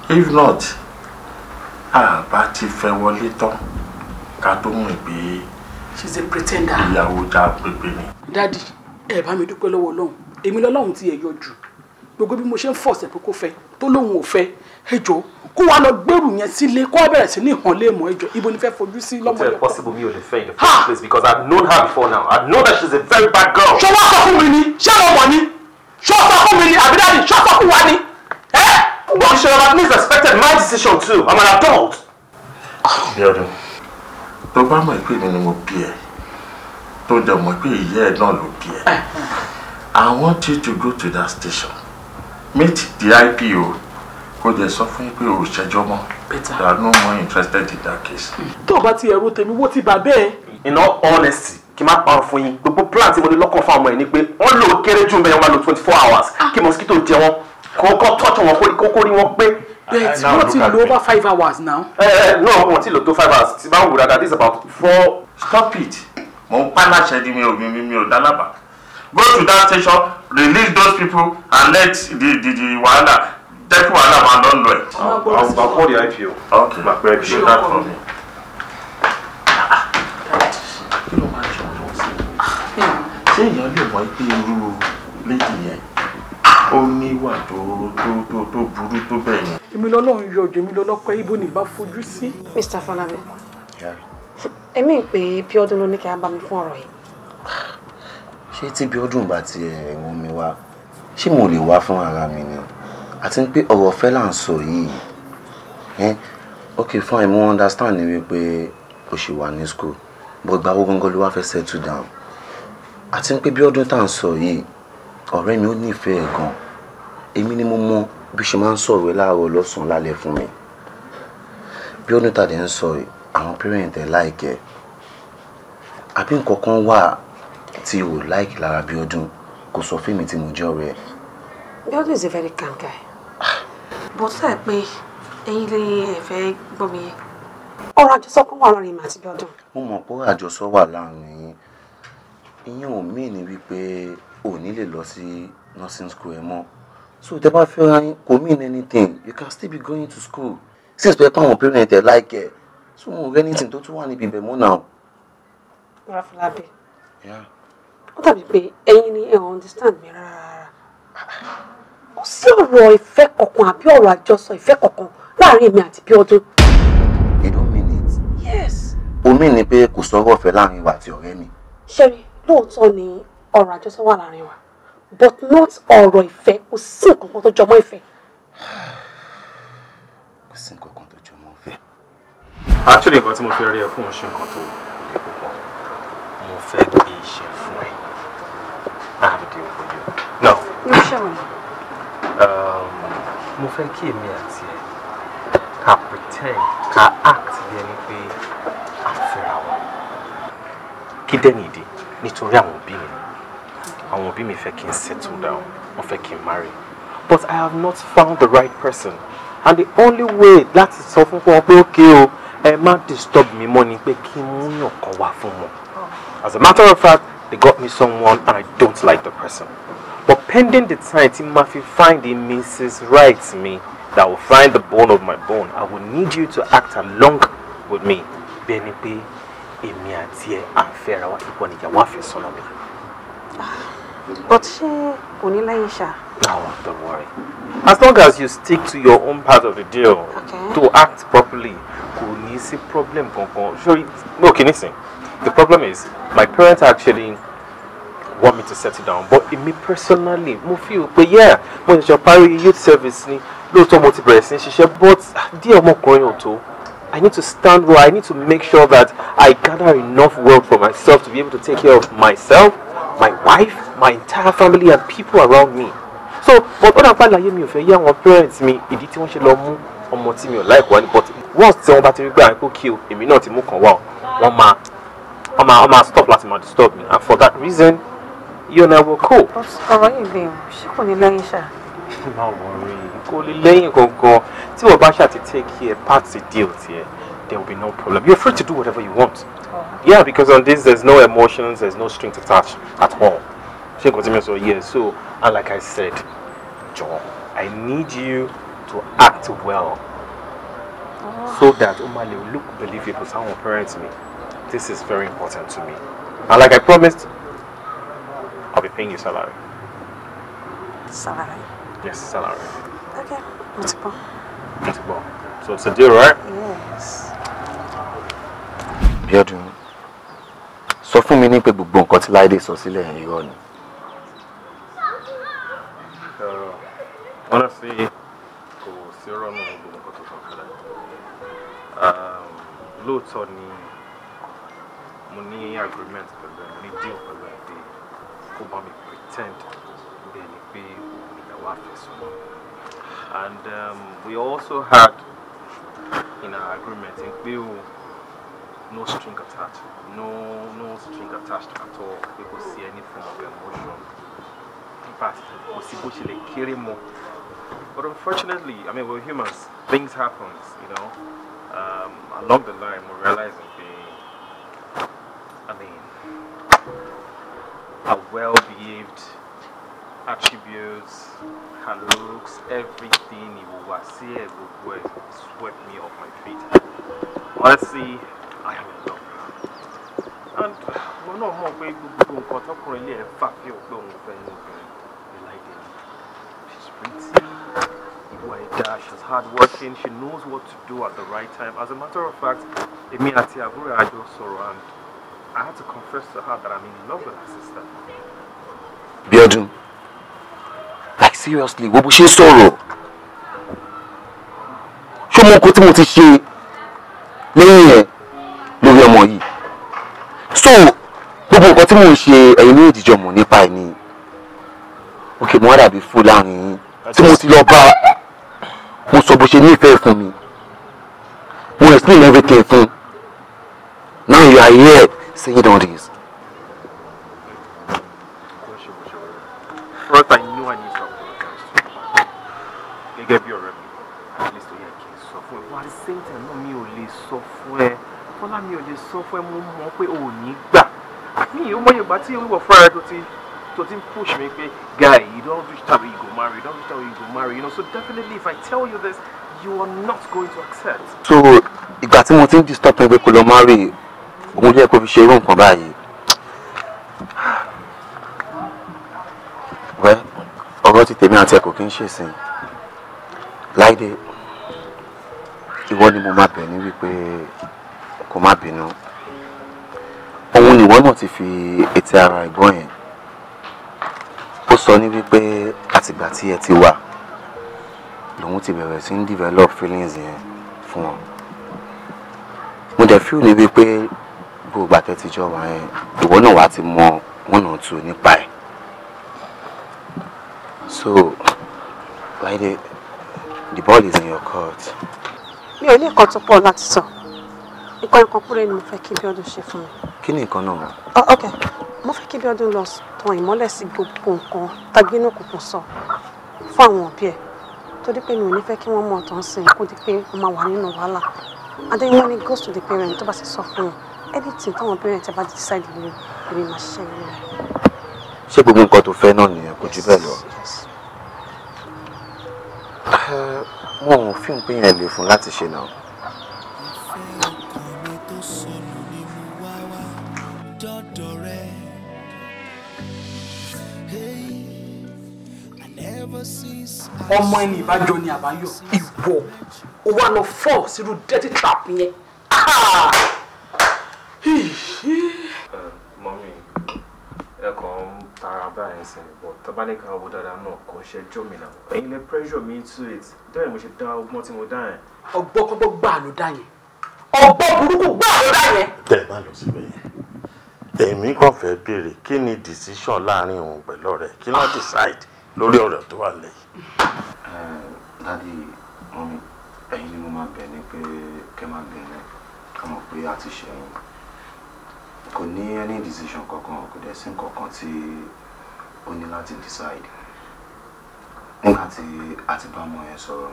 yìí if not àbá ti fẹ́ wọlé tán ká tó mọ̀ pé she's a pretender ìyàwó já pépé ni. dádì ẹ bá mi dúpẹ́ lọ́wọ́ ọlọ́run èmi lọ́lọ́run tí ẹ yọjú gbogbo bí mo ṣe ń fọ̀sẹ̀ pé kó fẹ́ tó lóun ò fẹ́ ẹ jọ kó wa lọ gbèrú yẹn sílé kó wa bẹ̀rẹ̀ sí ní ìhàn léèmọ̀ ẹ jọ ibo ni fẹ́ fojú sí lọ́mọ yẹn. possible mi ò lè fẹ́ in the first place because I've known her before now I know that she's a very bad girl. ṣé wọ́n sọ fún mi ni ṣé wọ́n mọ̀ ni ṣé wọ́n sọ fún mi ni àbídáàdì ṣé wọ́n sọ fún wa ni. but you should have at least respected my decision too I'm an adult. bíọ́dún tó bá mọ̀ pé mi ni mo bí ẹ tó dẹ̀ mọ̀ pé ìyá ẹ náà ló bí ẹ I want you to go to that station meet the IPO kó dẹ̀ sọ fún yín pé o ṣẹjọ́ There are no more interested in that case. tó o bá ti ẹ̀rù tèmi wó ti bà bẹ́ẹ̀. in all honesty kí n má parọ́ fún yín gbogbo plan tí mo ní lọ́kàn fún ọmọ ẹ̀ ni pé wọ́n lò kéré jù mẹ́rin wọn lò twenty four hours ah. kí mosquito jẹ wọn kó kó tọ́jú wọn kó rí wọn pé. bẹ́ẹ̀ ah, wọ́n ti lò over five hours now. ẹ eh, ẹ eh, no wọ́n ti lò tó five hours ti bá ń wù dáadáa this about four. stop it mo ń pa láṣẹ ni mi ò mi ò dálábà go to that station release those people and let the the the wahala jẹ́ wahala and máa lọ lọ ẹ̀. I'll call the IPO. Okay. Màá pẹ́ IPO. That for me. ṣé èèyàn lè mọ pé irú lady yẹn ó níwà tó tó tó tó burú tó bẹ́ẹ̀ yẹn. èmi lọ́lọ́run yọ ọ̀dọ̀ èmi lọ́lọ́pẹ́ ibo ni ìbá fojú sí. Mr. Fọlábí èmi ń pè é pure dolo ní kí a bá mi fún ọ̀rọ̀ yìí ṣé tí bí ọdún bá ti ẹ̀wọ̀n mi wá ṣé mo lè wá fún ara mi ni àti pé ọ̀rọ̀ fẹ́ là ń sọ yìí ok fine mo understand ni wípé o ṣì wà ní school bó gba owó gangan ló wá fẹ́ settle down àti pé bí tá à ń sọ yìí ọ̀rẹ́ mi ó nífẹ̀ẹ́ gan èmi ni mo mọ bí ṣe máa ń sọ̀rọ̀ láàárọ̀ lọ́sàn-án lálẹ́ fún mi bí ọdún tá à ń sọ àwọn parent láìkẹ́ àbí nǹkan kan wà tí o láìkì lára Bíọ́dún kò sọ fún tí mo jẹ́ ọ̀rẹ́ Bíọ́dún is a very calm guy. Ah. but sáà pé ẹ̀yin lè fẹ́ gbọ́ mi yé àjọsọ kan wà láàrin mi àti Bíọ́dún. mo mọ̀ pé àjọsọ wà láàrin yín ìyẹn ò mí ní wípé ò ní lè lọ sí nursing school ẹ mọ́ so tẹ bá fẹ́ ra yín kò mean anything you can still be going to school since pé pàwọn parents ẹ like ẹ so wọn rẹ́ anything tó tún wà níbi ibẹ̀ mọ́ náà. Rafalabi. Yeah ó dàbí pé ẹ̀yin ni ẹ ò understand mi rárá kò sí ọ̀rọ̀ ìfẹ́ kankan àbí ọ̀rọ̀ àjọsọ ìfẹ́ kankan láàrin èmi àti Bíọ́dún. you don't mean it. yes. omi ni pé kò sọ̀rọ̀ ọ̀fẹ́ láàrin wa àti ọ̀rẹ́ mi. ṣẹ́ni lóòótọ́ ni ọ̀rọ̀ àjọsọ wà láàrin wa but not ọ̀rọ̀ ìfẹ́ kò sí nǹkan kan tó jọmọ́ ìfẹ́. kò sí nǹkan kan tó jọmọ́ ìfẹ́. actually nǹkan tí mo fẹ́ rí ẹ fún ọ ṣe nǹkan tó le púpọ̀ mo fẹ́ kí iṣẹ́ fún ẹ. I have a deal for you. No. No, Sharon. Um, mo fẹ́ kí èmi àti ẹ̀ ká pretend ká act bí ẹni pé à ń fẹ́ra wa. Kí dẹ́ni ìdí nítorí àwọn òbí mi. Àwọn òbí mi fẹ́ kí n settle down, wọ́n fẹ́ kí n marry. But I have not found the right person. And the only way that is fún for pé ókè A man disturb me money. ni pé kí n mú yàn kan oh. As a matter of fact, They got me someone and I don't like the person. But pending the time Tim Murphy find the Mrs. Right me that will find the bone of my bone, I will need you to act along with me. Benny P. Èmi àti ẹ à ń fẹ́ra wa ìwọ nìyàwó àfẹ́sọ́nà mi. But she, kò No, don't worry. As long as you stick to your own part of the deal, okay. to act properly, kò problem kankan. Ṣé o kì The problem is, my parents actually want me to settle down, but in me personally, mo feel pé yeah, mo ṣẹ̀ṣẹ̀ parí youth service ni lóòótọ́ mo ti bẹ̀rẹ̀ sí ṣiṣẹ́ but ah, díẹ̀ ọmọkùnrin ò I need to stand well. I need to make sure that I gather enough wealth for myself to be able to take care of myself, my wife, my entire family, and people around me. So, but ó dàgbà láyé mi ò fẹ́ yé àwọn parents mi ìdí tí wọ́n ṣe lọ mú ọmọ tí mi ò láìpẹ́ wá ní but once tí wọ́n bá ti rí gbà pé kí o èmi náà ti mú kàn wá o wọ́n máa wọ́n máa wọ́n máa stop láti máa disturb me and for that reason you and I were cool. ọ̀rọ̀ yìí lè ṣé kò ní lẹ́yìn ṣá. má wọrí kò lè lẹ́yìn gangan tí wọ́n bá ṣáà ti take care there will be no problem you're free to do whatever you want. Oh. yeah because on this there's no emotions there's no strings attached at all. ṣé kò tí mi sọ so and like I said John I need you to act well. Oh. so that o will look believable sáwọn parents me. This is very important to me. And like I promised, I'll be paying you salary. Salary? Yes, salary. Okay, multiple. Multiple. So it's a deal, right? Yes. Bíọ́dún, sọ fún mi ní pé gbogbo nǹkan tí Láìdé sọ sílẹ̀ yẹn irọ́ uh, Honestly, kò sí irọ́ nù gbogbo nǹkan tó sọ sílẹ̀. Um, Lutoni. money agreement pẹ̀lú them, mo deal pẹ̀lú them, pé kó bá pretend bẹ́ẹ̀ ni pé òun ìyàwó àfẹ́sọ́nà and um, we also had in our agreement in pé no string attached no no string attached at all pé could see any form of emotion in fact we sí bó ṣe lè kéré mọ́ but unfortunately I mean we're humans things happen you know um, along the line we're realizing definitely are well behaved attributes her looks, everything you will see gbogbo ẹ swept me off my feet. Honestly, I am in love. And mo náà mọ̀ pé gbogbo nǹkan tọkùnrin ilé ẹ̀ fà fi òpin òun fẹ́ ní obìnrin ìláìdè ni. She's pretty, ìwà ẹ̀dá, she's hard working, she knows what to do at the right time. As a matter of fact, èmi àti àbúrò àjọ sọ̀rọ̀ and I had to confess to her that I'm in love with her sister. Biodun, like seriously, wo bó ṣe sorrow. Show mo kó tí mo ti ṣe no, no, no. So, gbogbo nǹkan tí mò ń I need ní ìdíjọ́ mọ̀ nípa ẹ̀ ni. Ok, mo wá dàbí fún láàrin yín. Tí mo ti lọ bá, mo sọ bó ṣe nífẹ̀ẹ́ everything fún un. ìgbà tí wíwọ̀ fúnra rẹ tó ti tó ń push me. pé guy you don't reach that way you go marry you don't reach that way you go marry you know so definitely if I tell you this you are not going to accept. so ìgbà tí mo ti ń disturb pé kò lọ marry òun jẹ́ kó fi ṣe irú nǹkan báyìí. wẹ́ ọ̀rọ̀ ti tèmi àti ẹ̀kọ́ kì í ṣe sìn láìdé ìwọ ni mo máa bẹ̀ ní wípé kò má bínú òun nìwọ náà ti fi ètè ara ẹ̀gbọ́n yẹn ó sọ ní wípé àtìgbà tí ẹ ti wà lòun ti bẹ̀rẹ̀ sí ń develop feelings yẹn fún ọ mo dẹ̀ fíìlì ní wípé gbogbo àtẹ̀tìjọ wa yẹn ìwọ náà wàá ti mọ one or two nípa ẹ̀ so Láìdé the ball is in your court. mi ò ní nǹkan tó pọ̀ láti sọ. So nǹkan nǹkan kúrò ni mo fẹ́ kí Bíọ́dún ṣe fún mi. kí ni nǹkan náà. Oh, ok mo fẹ́ kí Bíọ́dún lọ tan ìmọ́lẹ̀ sí gbogbo nǹkan tagbínú kùkùn sọ fún àwọn òbí ẹ̀ torí pé mi ò ní fẹ́ kí wọ́n mọ̀ tán sí kó di pé ó máa wà nínú wàhálà and then when it goes to the parent tó bá sì sọ fún yẹn anything táwọn parent ẹ bá decide lórí èmi máa ṣiṣẹ́ lórí rẹ̀. ṣé gbogbo nǹkan tó fẹ́ náà nìyẹn kò jù bẹ́ẹ̀ lọ. wọn ò fi ń pín yẹn lè fún láti ṣe náà. ọmọ ẹni ìbájọ ni àbáyọ ìwọ ó wà lọ fọ sínú dirty trap yẹn. mọ́mí ẹ kàn ń tara báyìí sí ni bọ́ owó dáadáa náà kò ṣe mi náà ẹ̀yin lè pressure me into it dẹ́rẹ́ mo ṣe dá ọgbọ́n tí mo dá yẹn. ọgbọ́kọ́gbọ́ gbà ló dá yẹn ọgbọ́n burúkú gbà ló dá yẹn. tẹ ẹ má lọ síbẹ̀ yẹn èmi kàn fẹ́ béèrè kí ni decision láàrin òun pẹ̀lú ọ̀rẹ́ kí ló decide lórí ọ̀rọ̀ tó wà lẹ́yìn. Dadi, mọ́mí ẹ̀yin ni mo máa bẹ̀ ní pé kẹ́ máa bẹ̀rẹ̀ ká mọ̀ pé a ti ṣẹ̀yìn kò ní any decision kankan kò dẹ̀ sí nǹkankan tí ó ní láti decide nígbà tí a ti bá ọmọ yẹn sọ̀rọ̀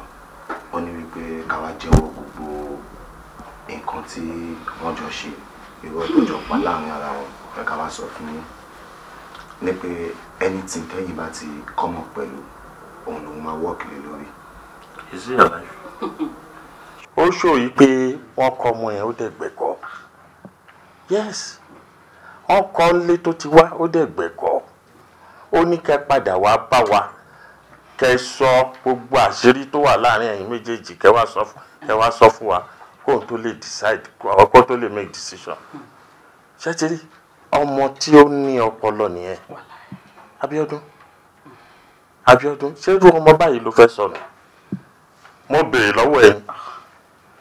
ó ní wípé ká wá jẹ́wọ́ gbogbo nǹkan tí wọ́n jọ ṣe ìwọ tó jọ pa láàrin ara wọn ká wá sọ fún yín ní pé anything tẹ́yìn bá ti come up òun lòun máa wọ́ọ̀kì lé lórí. ó ṣòyí pé wọ́n kọ́ ọmọ yẹn ó dẹ̀ gbẹ̀kọ́ yes wọ́n kọ́ lé tó ti wá ó dẹ̀ gbẹ̀kọ́ ó ní kẹ́ padà wá bá wa kẹ́ sọ gbogbo àṣírí tó wà láàrin ẹ̀yin méjèèjì kẹ́ wá sọ fún kẹ́ wá sọ fún tó lè decide kóun tó lè make decision ṣé ti rí ọmọ tí ó ní ọpọlọ nìyẹn Abíọ́dún. Abíọ́dún ṣé irú ọmọ báyìí ló fẹ́ sọnù mo béèrè lọ́wọ́ ẹ̀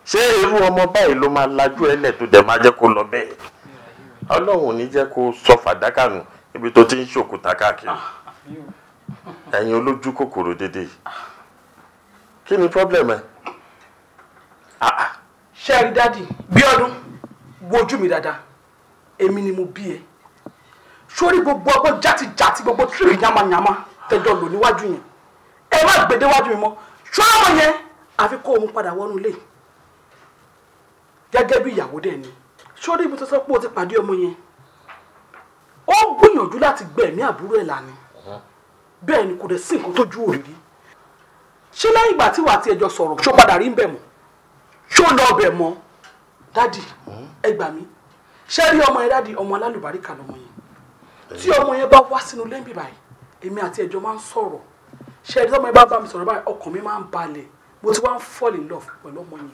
ṣé irú ọmọ báyìí ló máa lajú ẹlẹ̀ tó dẹ̀ máa jẹ́ kó lọ bẹ́ẹ̀ ọlọ́run ní jẹ́ kó sọ fàdákà nù ibi tó ti ń ṣòkúta káàkiri ẹ̀yin olójú kòkòrò dédé kí ni problem ẹ. Ah, ah. ṣé ẹ rí dádì bí ọdún wojú mi dáadáa èmi ni mo bí ẹ sórí gbogbo ọgbọ́n játijàti gbogbo tírì yamayama tẹjọ lò níwájú yẹn ẹ má gbèdé wájú mi mọ́ ṣọ́ọ́mọ yẹn àfi kó o mú padà wọnú ilé gẹ́gẹ́ bí ìyàwó dẹ̀ ni sórí ibi tó pé o ti pàdé ọmọ yẹn ó gbìyànjú láti gbẹ̀mí àbúrò ẹ̀ lánàá bẹ́ẹ̀ ni kò dẹ̀ sí nǹkan tójú òrìrí ṣé lẹ́yìn ìgbà tí wàá ti ẹjọ́ sọ̀rọ̀ ṣó padà rí ń bẹ̀ mọ́ ṣó lọ bẹ̀ mọ́ dádì ẹ gbà mí ṣé rí ọmọ yẹn dádì ọmọ alálùbáríkà lọmọ yẹn tí ọmọ yẹn bá wá sínú lẹ́ńbì báyìí èmi àti ẹ̀jọ̀ máa ń sọ̀rọ̀ ṣe ẹni tọ́mọ yẹn bá bá mi sọ̀rọ̀ báyìí ọkàn mi máa ń balẹ̀ mo ti wá ń fall in love pẹ̀lú ọmọ yẹn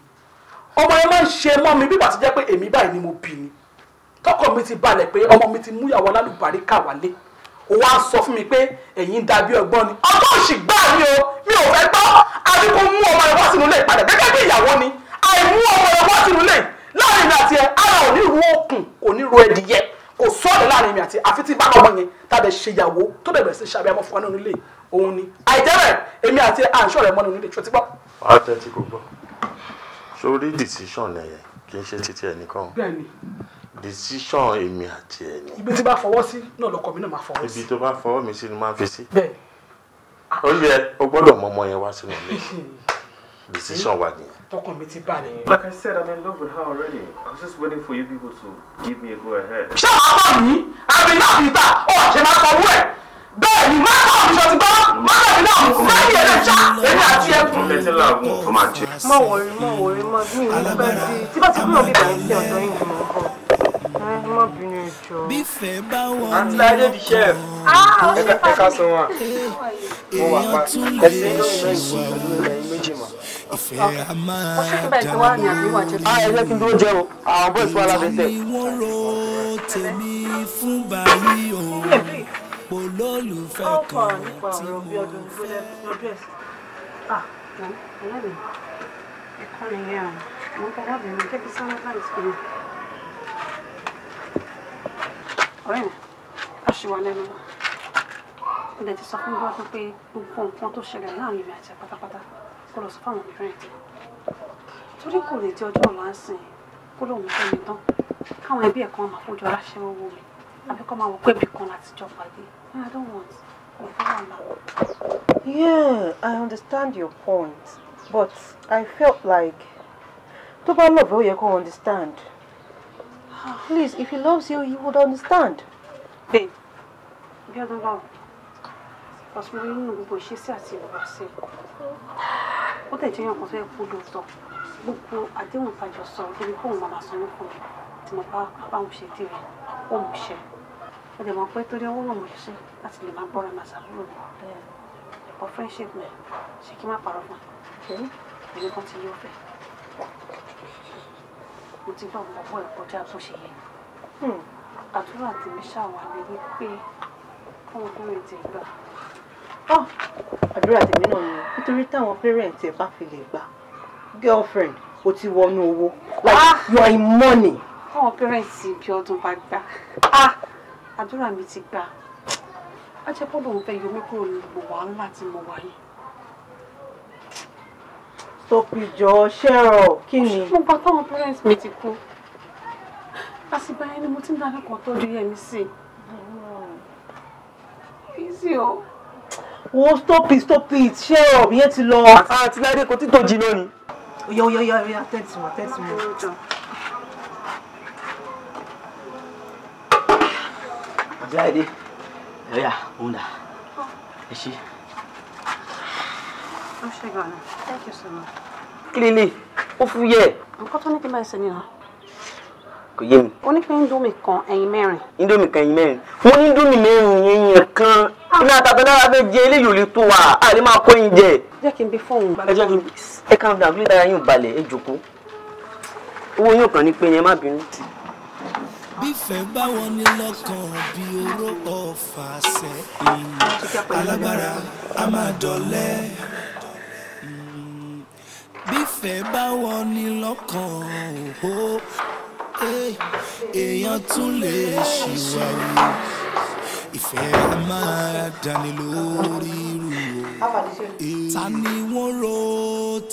ọmọ yẹn máa ń ṣe mọ́ mi bí bàtí jẹ́ pé èmi báyìí ni mo bì ni tọkọ mi ti balẹ̀ pé ọmọ mi ti múyàwó alálùbáríkà wálé òun á sọ fún mi pé ẹ̀yin dàbí ọgbọ́n ni ọjọ́ òsì gbá mi o mi ò fẹ́ gbọ́ àbí kó mú ọmọ rẹ wá sínú ilé ìpadà gẹ́gẹ́ bí ìyàwó ni àìmú ọmọ rẹ wá sínú ilé láàrin àti ẹ ara ò ní ru okùn kò ní ru ẹdìyẹ kò sọ̀rọ̀ láàrin mi àti àfi tí ìbálòpọ̀ yẹn tàbí ṣèyàwó tó dẹ̀ bẹ̀rẹ̀ sí ṣàbí amọ̀ fún wa òun ni àìjẹ́rẹ̀ èmi àti àǹṣọ́ rẹ̀ mọ́ nínú ilé ti gbọ́. wàá tẹ́tí kó gbọ́ sórí decision ẹ̀yẹ kì í ṣe títí ẹnìkan decision èmi àti ẹni. ibi tí bá fọwọ́ sí náà lọkọ mi náà máa fọwọ́ sí. ibi tó bá fọwọ́ mi sí ni máa fi sí. bẹ́ẹ̀. ó yẹ o gbọ́dọ̀ mọ yẹn wá sínú ilé decision wa nìyẹn tọkàn mi ti balẹ̀. like i said i'm in love with her already i was just waiting for you people to give me a go ahead. ṣé wàá about me, àbí náà fi with ọ̀ Oh, she sọ owó ẹ̀ bẹ́ẹ̀ ni má kọ́ mi ṣọtí gbọ́ má kọ́ mi náà sẹ́yìn ẹ̀ lẹ́sà èmi àti ẹ̀. mo fẹ́ tí làágùn tó máa jẹ. má wọrí má wọrí má bí mi ò ní bá ti tí bá ti kúrò bí bàá ọ̀dọ́ yìí mo ń bọ̀ má bínú ìjọ. bífẹ̀ bá wọn ní ọkọ àti chef ẹ ká sọ wọn mo wà pa ẹsẹ ìfẹ́ a máa dà mọ́. ọṣù kíbẹ̀ tí tèmi fún báyìí o polólùfẹ́ kan tí mo fẹ́. Ah, I love you. I can't hear you. I'm going to have you ọ̀rẹ́ mi a ṣì wà lẹ́nu lọ ó dẹ̀ ti sọ fún gbọ́dọ̀ pé gbogbo nǹkan tó ṣẹlẹ̀ láàrin mi àti pátápátá kó lọ sọ fáwọn mìíràn ẹ̀ torí kò lè di ọjọ́ ọ̀la ń sìn kó lóun fẹ́ mi tán káwọn ẹbí ẹ̀ kan máa fojú ara ṣe owó mi àbí kọ́ máa wọ pé bìkan láti jọ pàdé ah, I don't want mi fẹ́ wà lá. Yeah, I understand your point but I felt like tó bá lọ́ọ̀bù ó yẹ kó understand. Ah, please, if he loves you, he would understand. Babe, you're the one. Because we know gbogbo ìṣesí àti ìwà sí. Ó tẹ̀ jẹ́ ọkàn tó yẹ kó lóòótọ́. Gbogbo àdéhùn ìtajọ sọ lórí kóun máa máa sanwó fún mi. Tí mo bá báwọn ṣe dé rẹ̀, ó mú ṣe. Ẹ dẹ̀ mọ̀ pé torí ọwọ́ ràn mọ́ ṣiṣẹ́ láti lè máa gbọ́ra màá sàbúrò mi. Ẹ̀kọ́ friendship mi ṣe kí má parọ́ fún mi. Èmi kan ti yí ó fẹ́ mo ti gbọ́ nǹkan fún ẹ̀kọ́ tí a tún ṣe yẹn àdúrà tèmi ṣàwà ní wípé fún ogún ètè gbà. àdúrà tèmi náà ni nítorí táwọn pẹ́rẹ́ǹtì ẹ̀ bá fi lè gbà girlfriend o ti wọnú owó like you are money. àwọn pẹ́rẹ́ǹtì ibi ọdún bá gbà àdúrà mi ti gbà á jẹ́ pọ́bọ̀ ń fẹ́ yọmí kúrò ní gbogbo wàhálà tí mo wáyé. Tópì jọ ṣẹ́rọ̀ kí ni. mo gbà táwọn parents mi ti kú àsìgbà yẹn ni mo ti ń dáná kan tọ́jú yẹmi sí i easy o. wo stop it stop it ṣẹ́rọ̀ yẹn ti lọ. àti láyé kò tí tó jí lónìí. oya oya oya oya tẹ́tí mọ́ tẹ́tí mọ́. àti láyé dé ẹ̀rọ yà òun dà ẹ̀ ṣe. Thank you so much. Clearly, ó fúyẹ́. Nǹkan tó ní kí n bá ẹ ṣe ni hàn. Kò yé mi. O ní kí Indomie kan ẹyin mẹ́rin. Indomie kan ẹyin mẹ́rin. Mo ní Indomie mẹ́rin yẹn kan. Iná àtàtà náírà fẹ́ jẹ eléyìí ò lè tó wa. A lè máa kó yín jẹ. Jẹ́ kí n bí fóònù. Ẹ jẹ́ kí n bí. Ẹ kàn dà bí dára yín balẹ̀ ẹ jòkó. Owó yóò kàn ní lọ́kàn bí oró ọ̀fà sẹ́yìn? Alágbára a máa dọ̀lẹ́ bífẹ́ bá wọ ni lọ́kàn ó oh, oh, eh. èèyàn tún lè ṣìwàwù ìfẹ́ máa dání lórí irú o oh. ta ni wọ́n ro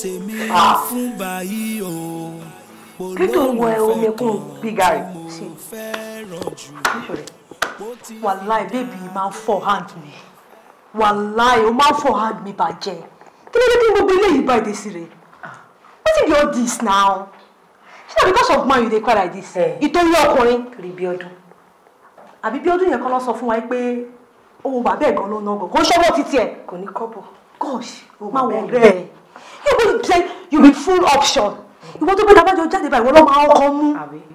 tèmi fún báyìí o títò ń wọ omi ẹkún gbíga rẹ sí wàláì bébì máa ń fọ hand mi wàláì ó máa ń fọ hand mi bàjẹ́ kí ló dé kí gbogbo eléyìí bá èdè sí rèé wetin be all this now ṣé na because of man you dey cry like this eh. ìtorí ọkùnrin kiri bí ọdún àbí bí ọdún yẹn kan lọ sọ fún wa pé owó bàbá ẹ̀ gan ló ná gan kò ń ṣọ́wọ́ títí ẹ̀ kò ní kọ́bọ̀ gosh má wọ ọ̀rẹ́ ẹ̀ you be say you be full option ìwọ tó gbẹdà bájọ jáde báyìí wọ́n lọ́ máa ọkọ mú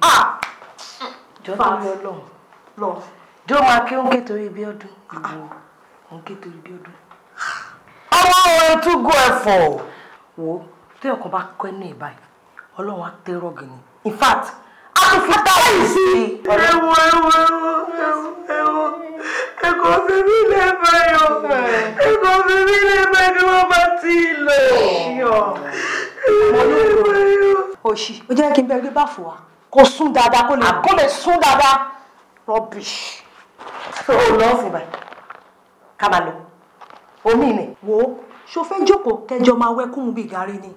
ah jọ tó yọ lọ lọ jọ máa kí ó ń ké torí bí ọdún ah, ah. ìwọ ó ń torí bí ọdún. àwọn ohun ètò wo téèyàn kan bá kọ́ ẹnu ẹ̀ báyìí ọlọ́run á tẹ́ rọ́ọ̀gì ni in fact a tún fi dá yìí sí i. ẹ̀wọ̀n ẹ̀wọ̀n ẹ̀wọ̀n ẹ̀wọ̀n ẹ̀kọ́ fi mí lẹ́ báyọ̀ ẹ̀kọ́ fi mí lẹ́ báyọ̀ ni wọ́n bá ti lò. òṣì ó jẹ́ kí n bẹ gbé bá fò wá kó sún dáadáa kó lè kó lè sún dáadáa rubbish. ó lọ́ọ̀sì báyìí ká máa lọ omi ni wo ṣo fẹ́ jókòó kẹjọ máa wẹ́kùn bíi gàrí ni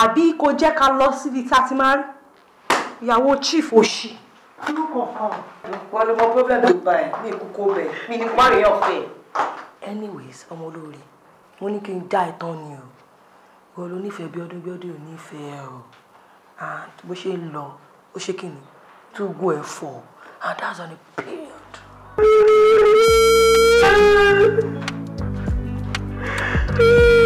àbí kò jẹ́ ká lọ síbi tá a ti máa rí ìyàwó chief òṣì. wọ́n ló mọ problem tó bá ẹ̀ ní ìkókó bẹ̀ mí ní kwari ọ̀fẹ́. anyways ọmọ olóore mo ní kí n dá ẹ ni o wọ́n ló nífẹ̀ẹ́ bí ọdún bí ọdún ò nífẹ̀ẹ́ o and bó ṣe ń lọ ó ṣe kí ni tó gún ẹ fọ and that's on a period. Thank you.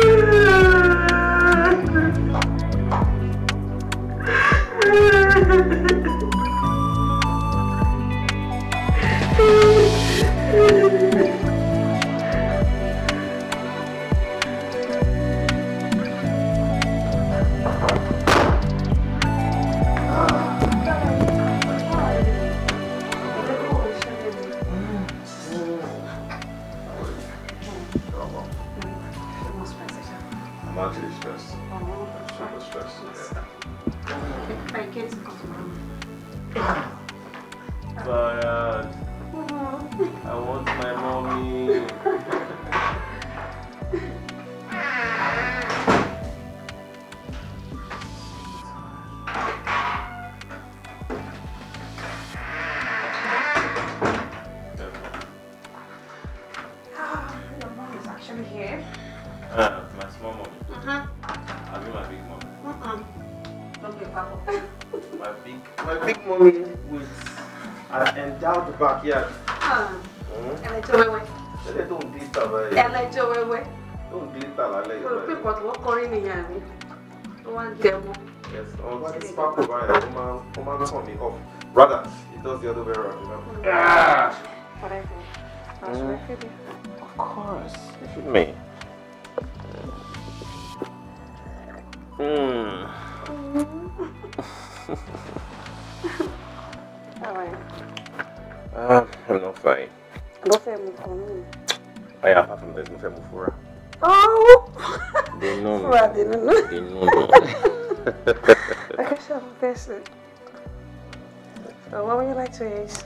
what would you like to eat?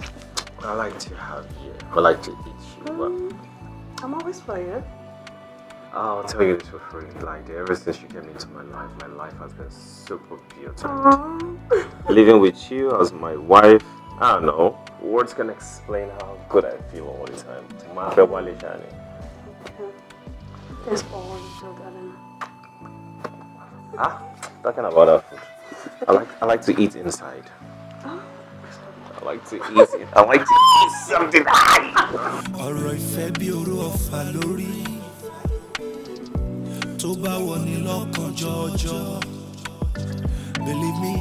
I like to have you. I like to eat you. Mm, I'm always for you. Oh, I'll tell you this for free. Like, ever since you came into my life, my life has been super beautiful. Living with you as my wife, I don't know. Words can explain how good I feel all the time. My Wale Shani. all you so darling. Ah, talking about our food. I like I like to eat inside. I like to eat it. I like to eat something high. ọ̀rọ̀ ìfẹ́ bí oró ọ̀fà lórí tó believe me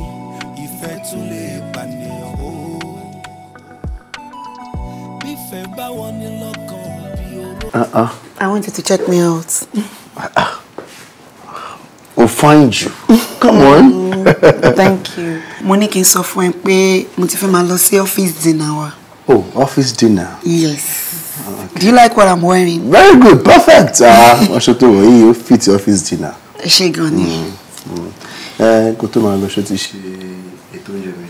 ìfẹ́ tún lè pànìyàn o bífẹ́ bá wọ ní lọ́kàn bí oró. Uh-uh. I wanted to check me out. Uh-uh find you come on. Mm, thank you mo ní kí n sọ fún ẹ pé mo ti fẹ́ máa lọ sí office dinner wa. oh office dinner. yes. Ah, okay. Do you like what I'm wearing? Very good, perfect. Ah, aṣọ tó wọ̀ yìí ó fit office dinner. Ṣé gan ni? Mm, mm. Kó tó máa lọ ṣe ti ṣe ètò oúnjẹ mi.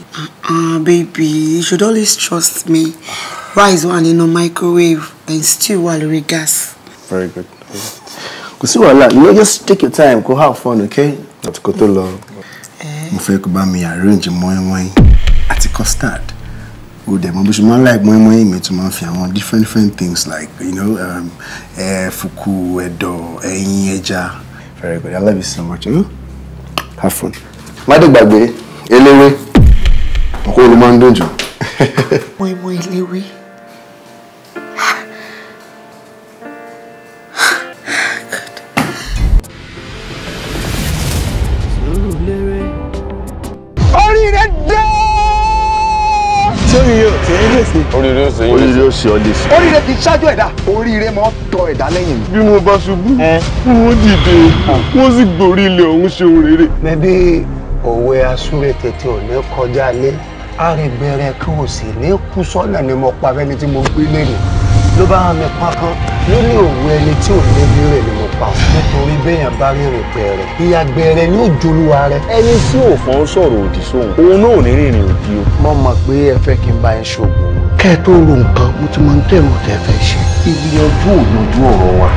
Ah, baby, you should always trust me. Rice wà nínú microwave and stew wà lórí gas. Very good. Okay kò sí wàhálà you just take your time go have fun okay. àti kó tó lọ eh. mo fẹ́ kó bá mi arrange mọ́ínmọ́ín àti custard o dẹ̀ mọ bó ṣe máa ń like mọ́ínmọ́ín mi tó máa ń fi àwọn different different things like you know um, eh, ẹ̀dọ̀ ẹyin ẹja very good i love you so much have fun. má dé gbàgbé eléwé ọkọ olùmọ̀ ń dùn jù. mọ́ínmọ́ín eléwé. oríire ó ṣe yín oríire ó ṣe ọ lè ṣe. oríire kì í ṣáájú ẹ̀dá oríire máa ń tọ ẹ̀dá lẹ́yìn mi. bí mo bá ṣubú wọ́n dìde wọ́n sì gborí ilẹ̀ ọ̀hún ṣe ohun rere. òwe asúre tètè ò kọjá lé àrègbèrè kí o sì ní kú sọ́nà ni mo pa ẹni tí mo gbé lẹ́nu ló bá hàn mí pákán lórí òwe ẹni tí ò lébi rẹ̀ ni mo pa ọ́ nítorí béèyàn bá rìnrìn pẹ̀rẹ̀ ìyàgbẹ̀rẹ̀ ni ó jolúwa rẹ̀. ẹni tí òfò ń sọ̀rọ̀ òdì sóhun òun náà ò ní rìnrìn òdì o. mo mọ̀ pé ẹ fẹ́ kí n bá ẹ ṣoògùn kẹ́ ẹ tó ro nǹkan mo ti mọ ní tẹ̀rù tẹ̀ fẹ́ ṣe. ìgbìyànjú ò lójú ọ̀rọ̀ wa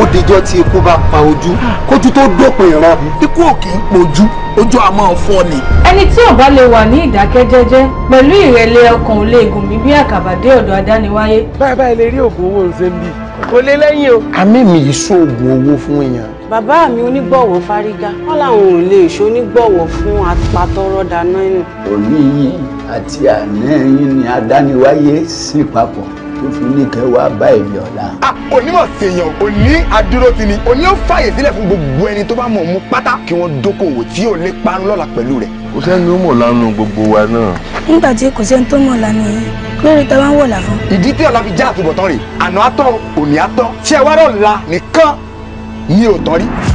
ó dijọ́ tí ikú bá pa ojú kójú tó dópin ìran ikú ò kì í pojú ojú a máa fọ́ ni. ẹni tí ò bá lè wà ní ìdákẹ́jẹ́jẹ́ pẹ̀lú ìrẹ̀lẹ̀ ọkàn ò lè gùn mí bí àkàbàdé ọ̀dọ̀ adániwáyé. báyìí báyìí lè rí oògùn owó ṣe ń bì kò lè lẹ́yìn o. àmì mi yìí ṣoògùn owó fún èèyàn. bàbá mi onígbọ̀wọ́ fárígá wọn làwọn ò lè ṣonígbọ̀wọ́ fún apatọ́rọ́ dáná nù. òní yìí àti àná ẹ̀yin ni adániwáyé sí papọ̀ tó fi ní kẹ́ wá bá èmi ọ̀la. a onímọ̀ sèèyàn òní adúró ti ni òní ó fààyè sílẹ̀ fún gbogbo ẹni tó bá mọ̀ mú pátá kí wọ́n dókòwò tí yóò lè parun lọ́la pẹ̀lú rẹ̀. kò sẹ́ni ó mọ̀ lánàá gbogbo wa náà. nígbà tí kò sẹ́ni tó mọ̀ lánàá yìí lórí ta bá ń wọ̀ là fún. ìdí tí ọ̀la fi já àtúbọ̀tán rè àná atọ́ òní atọ́ tí ẹ wá rọ̀ la nìkan ni ò tán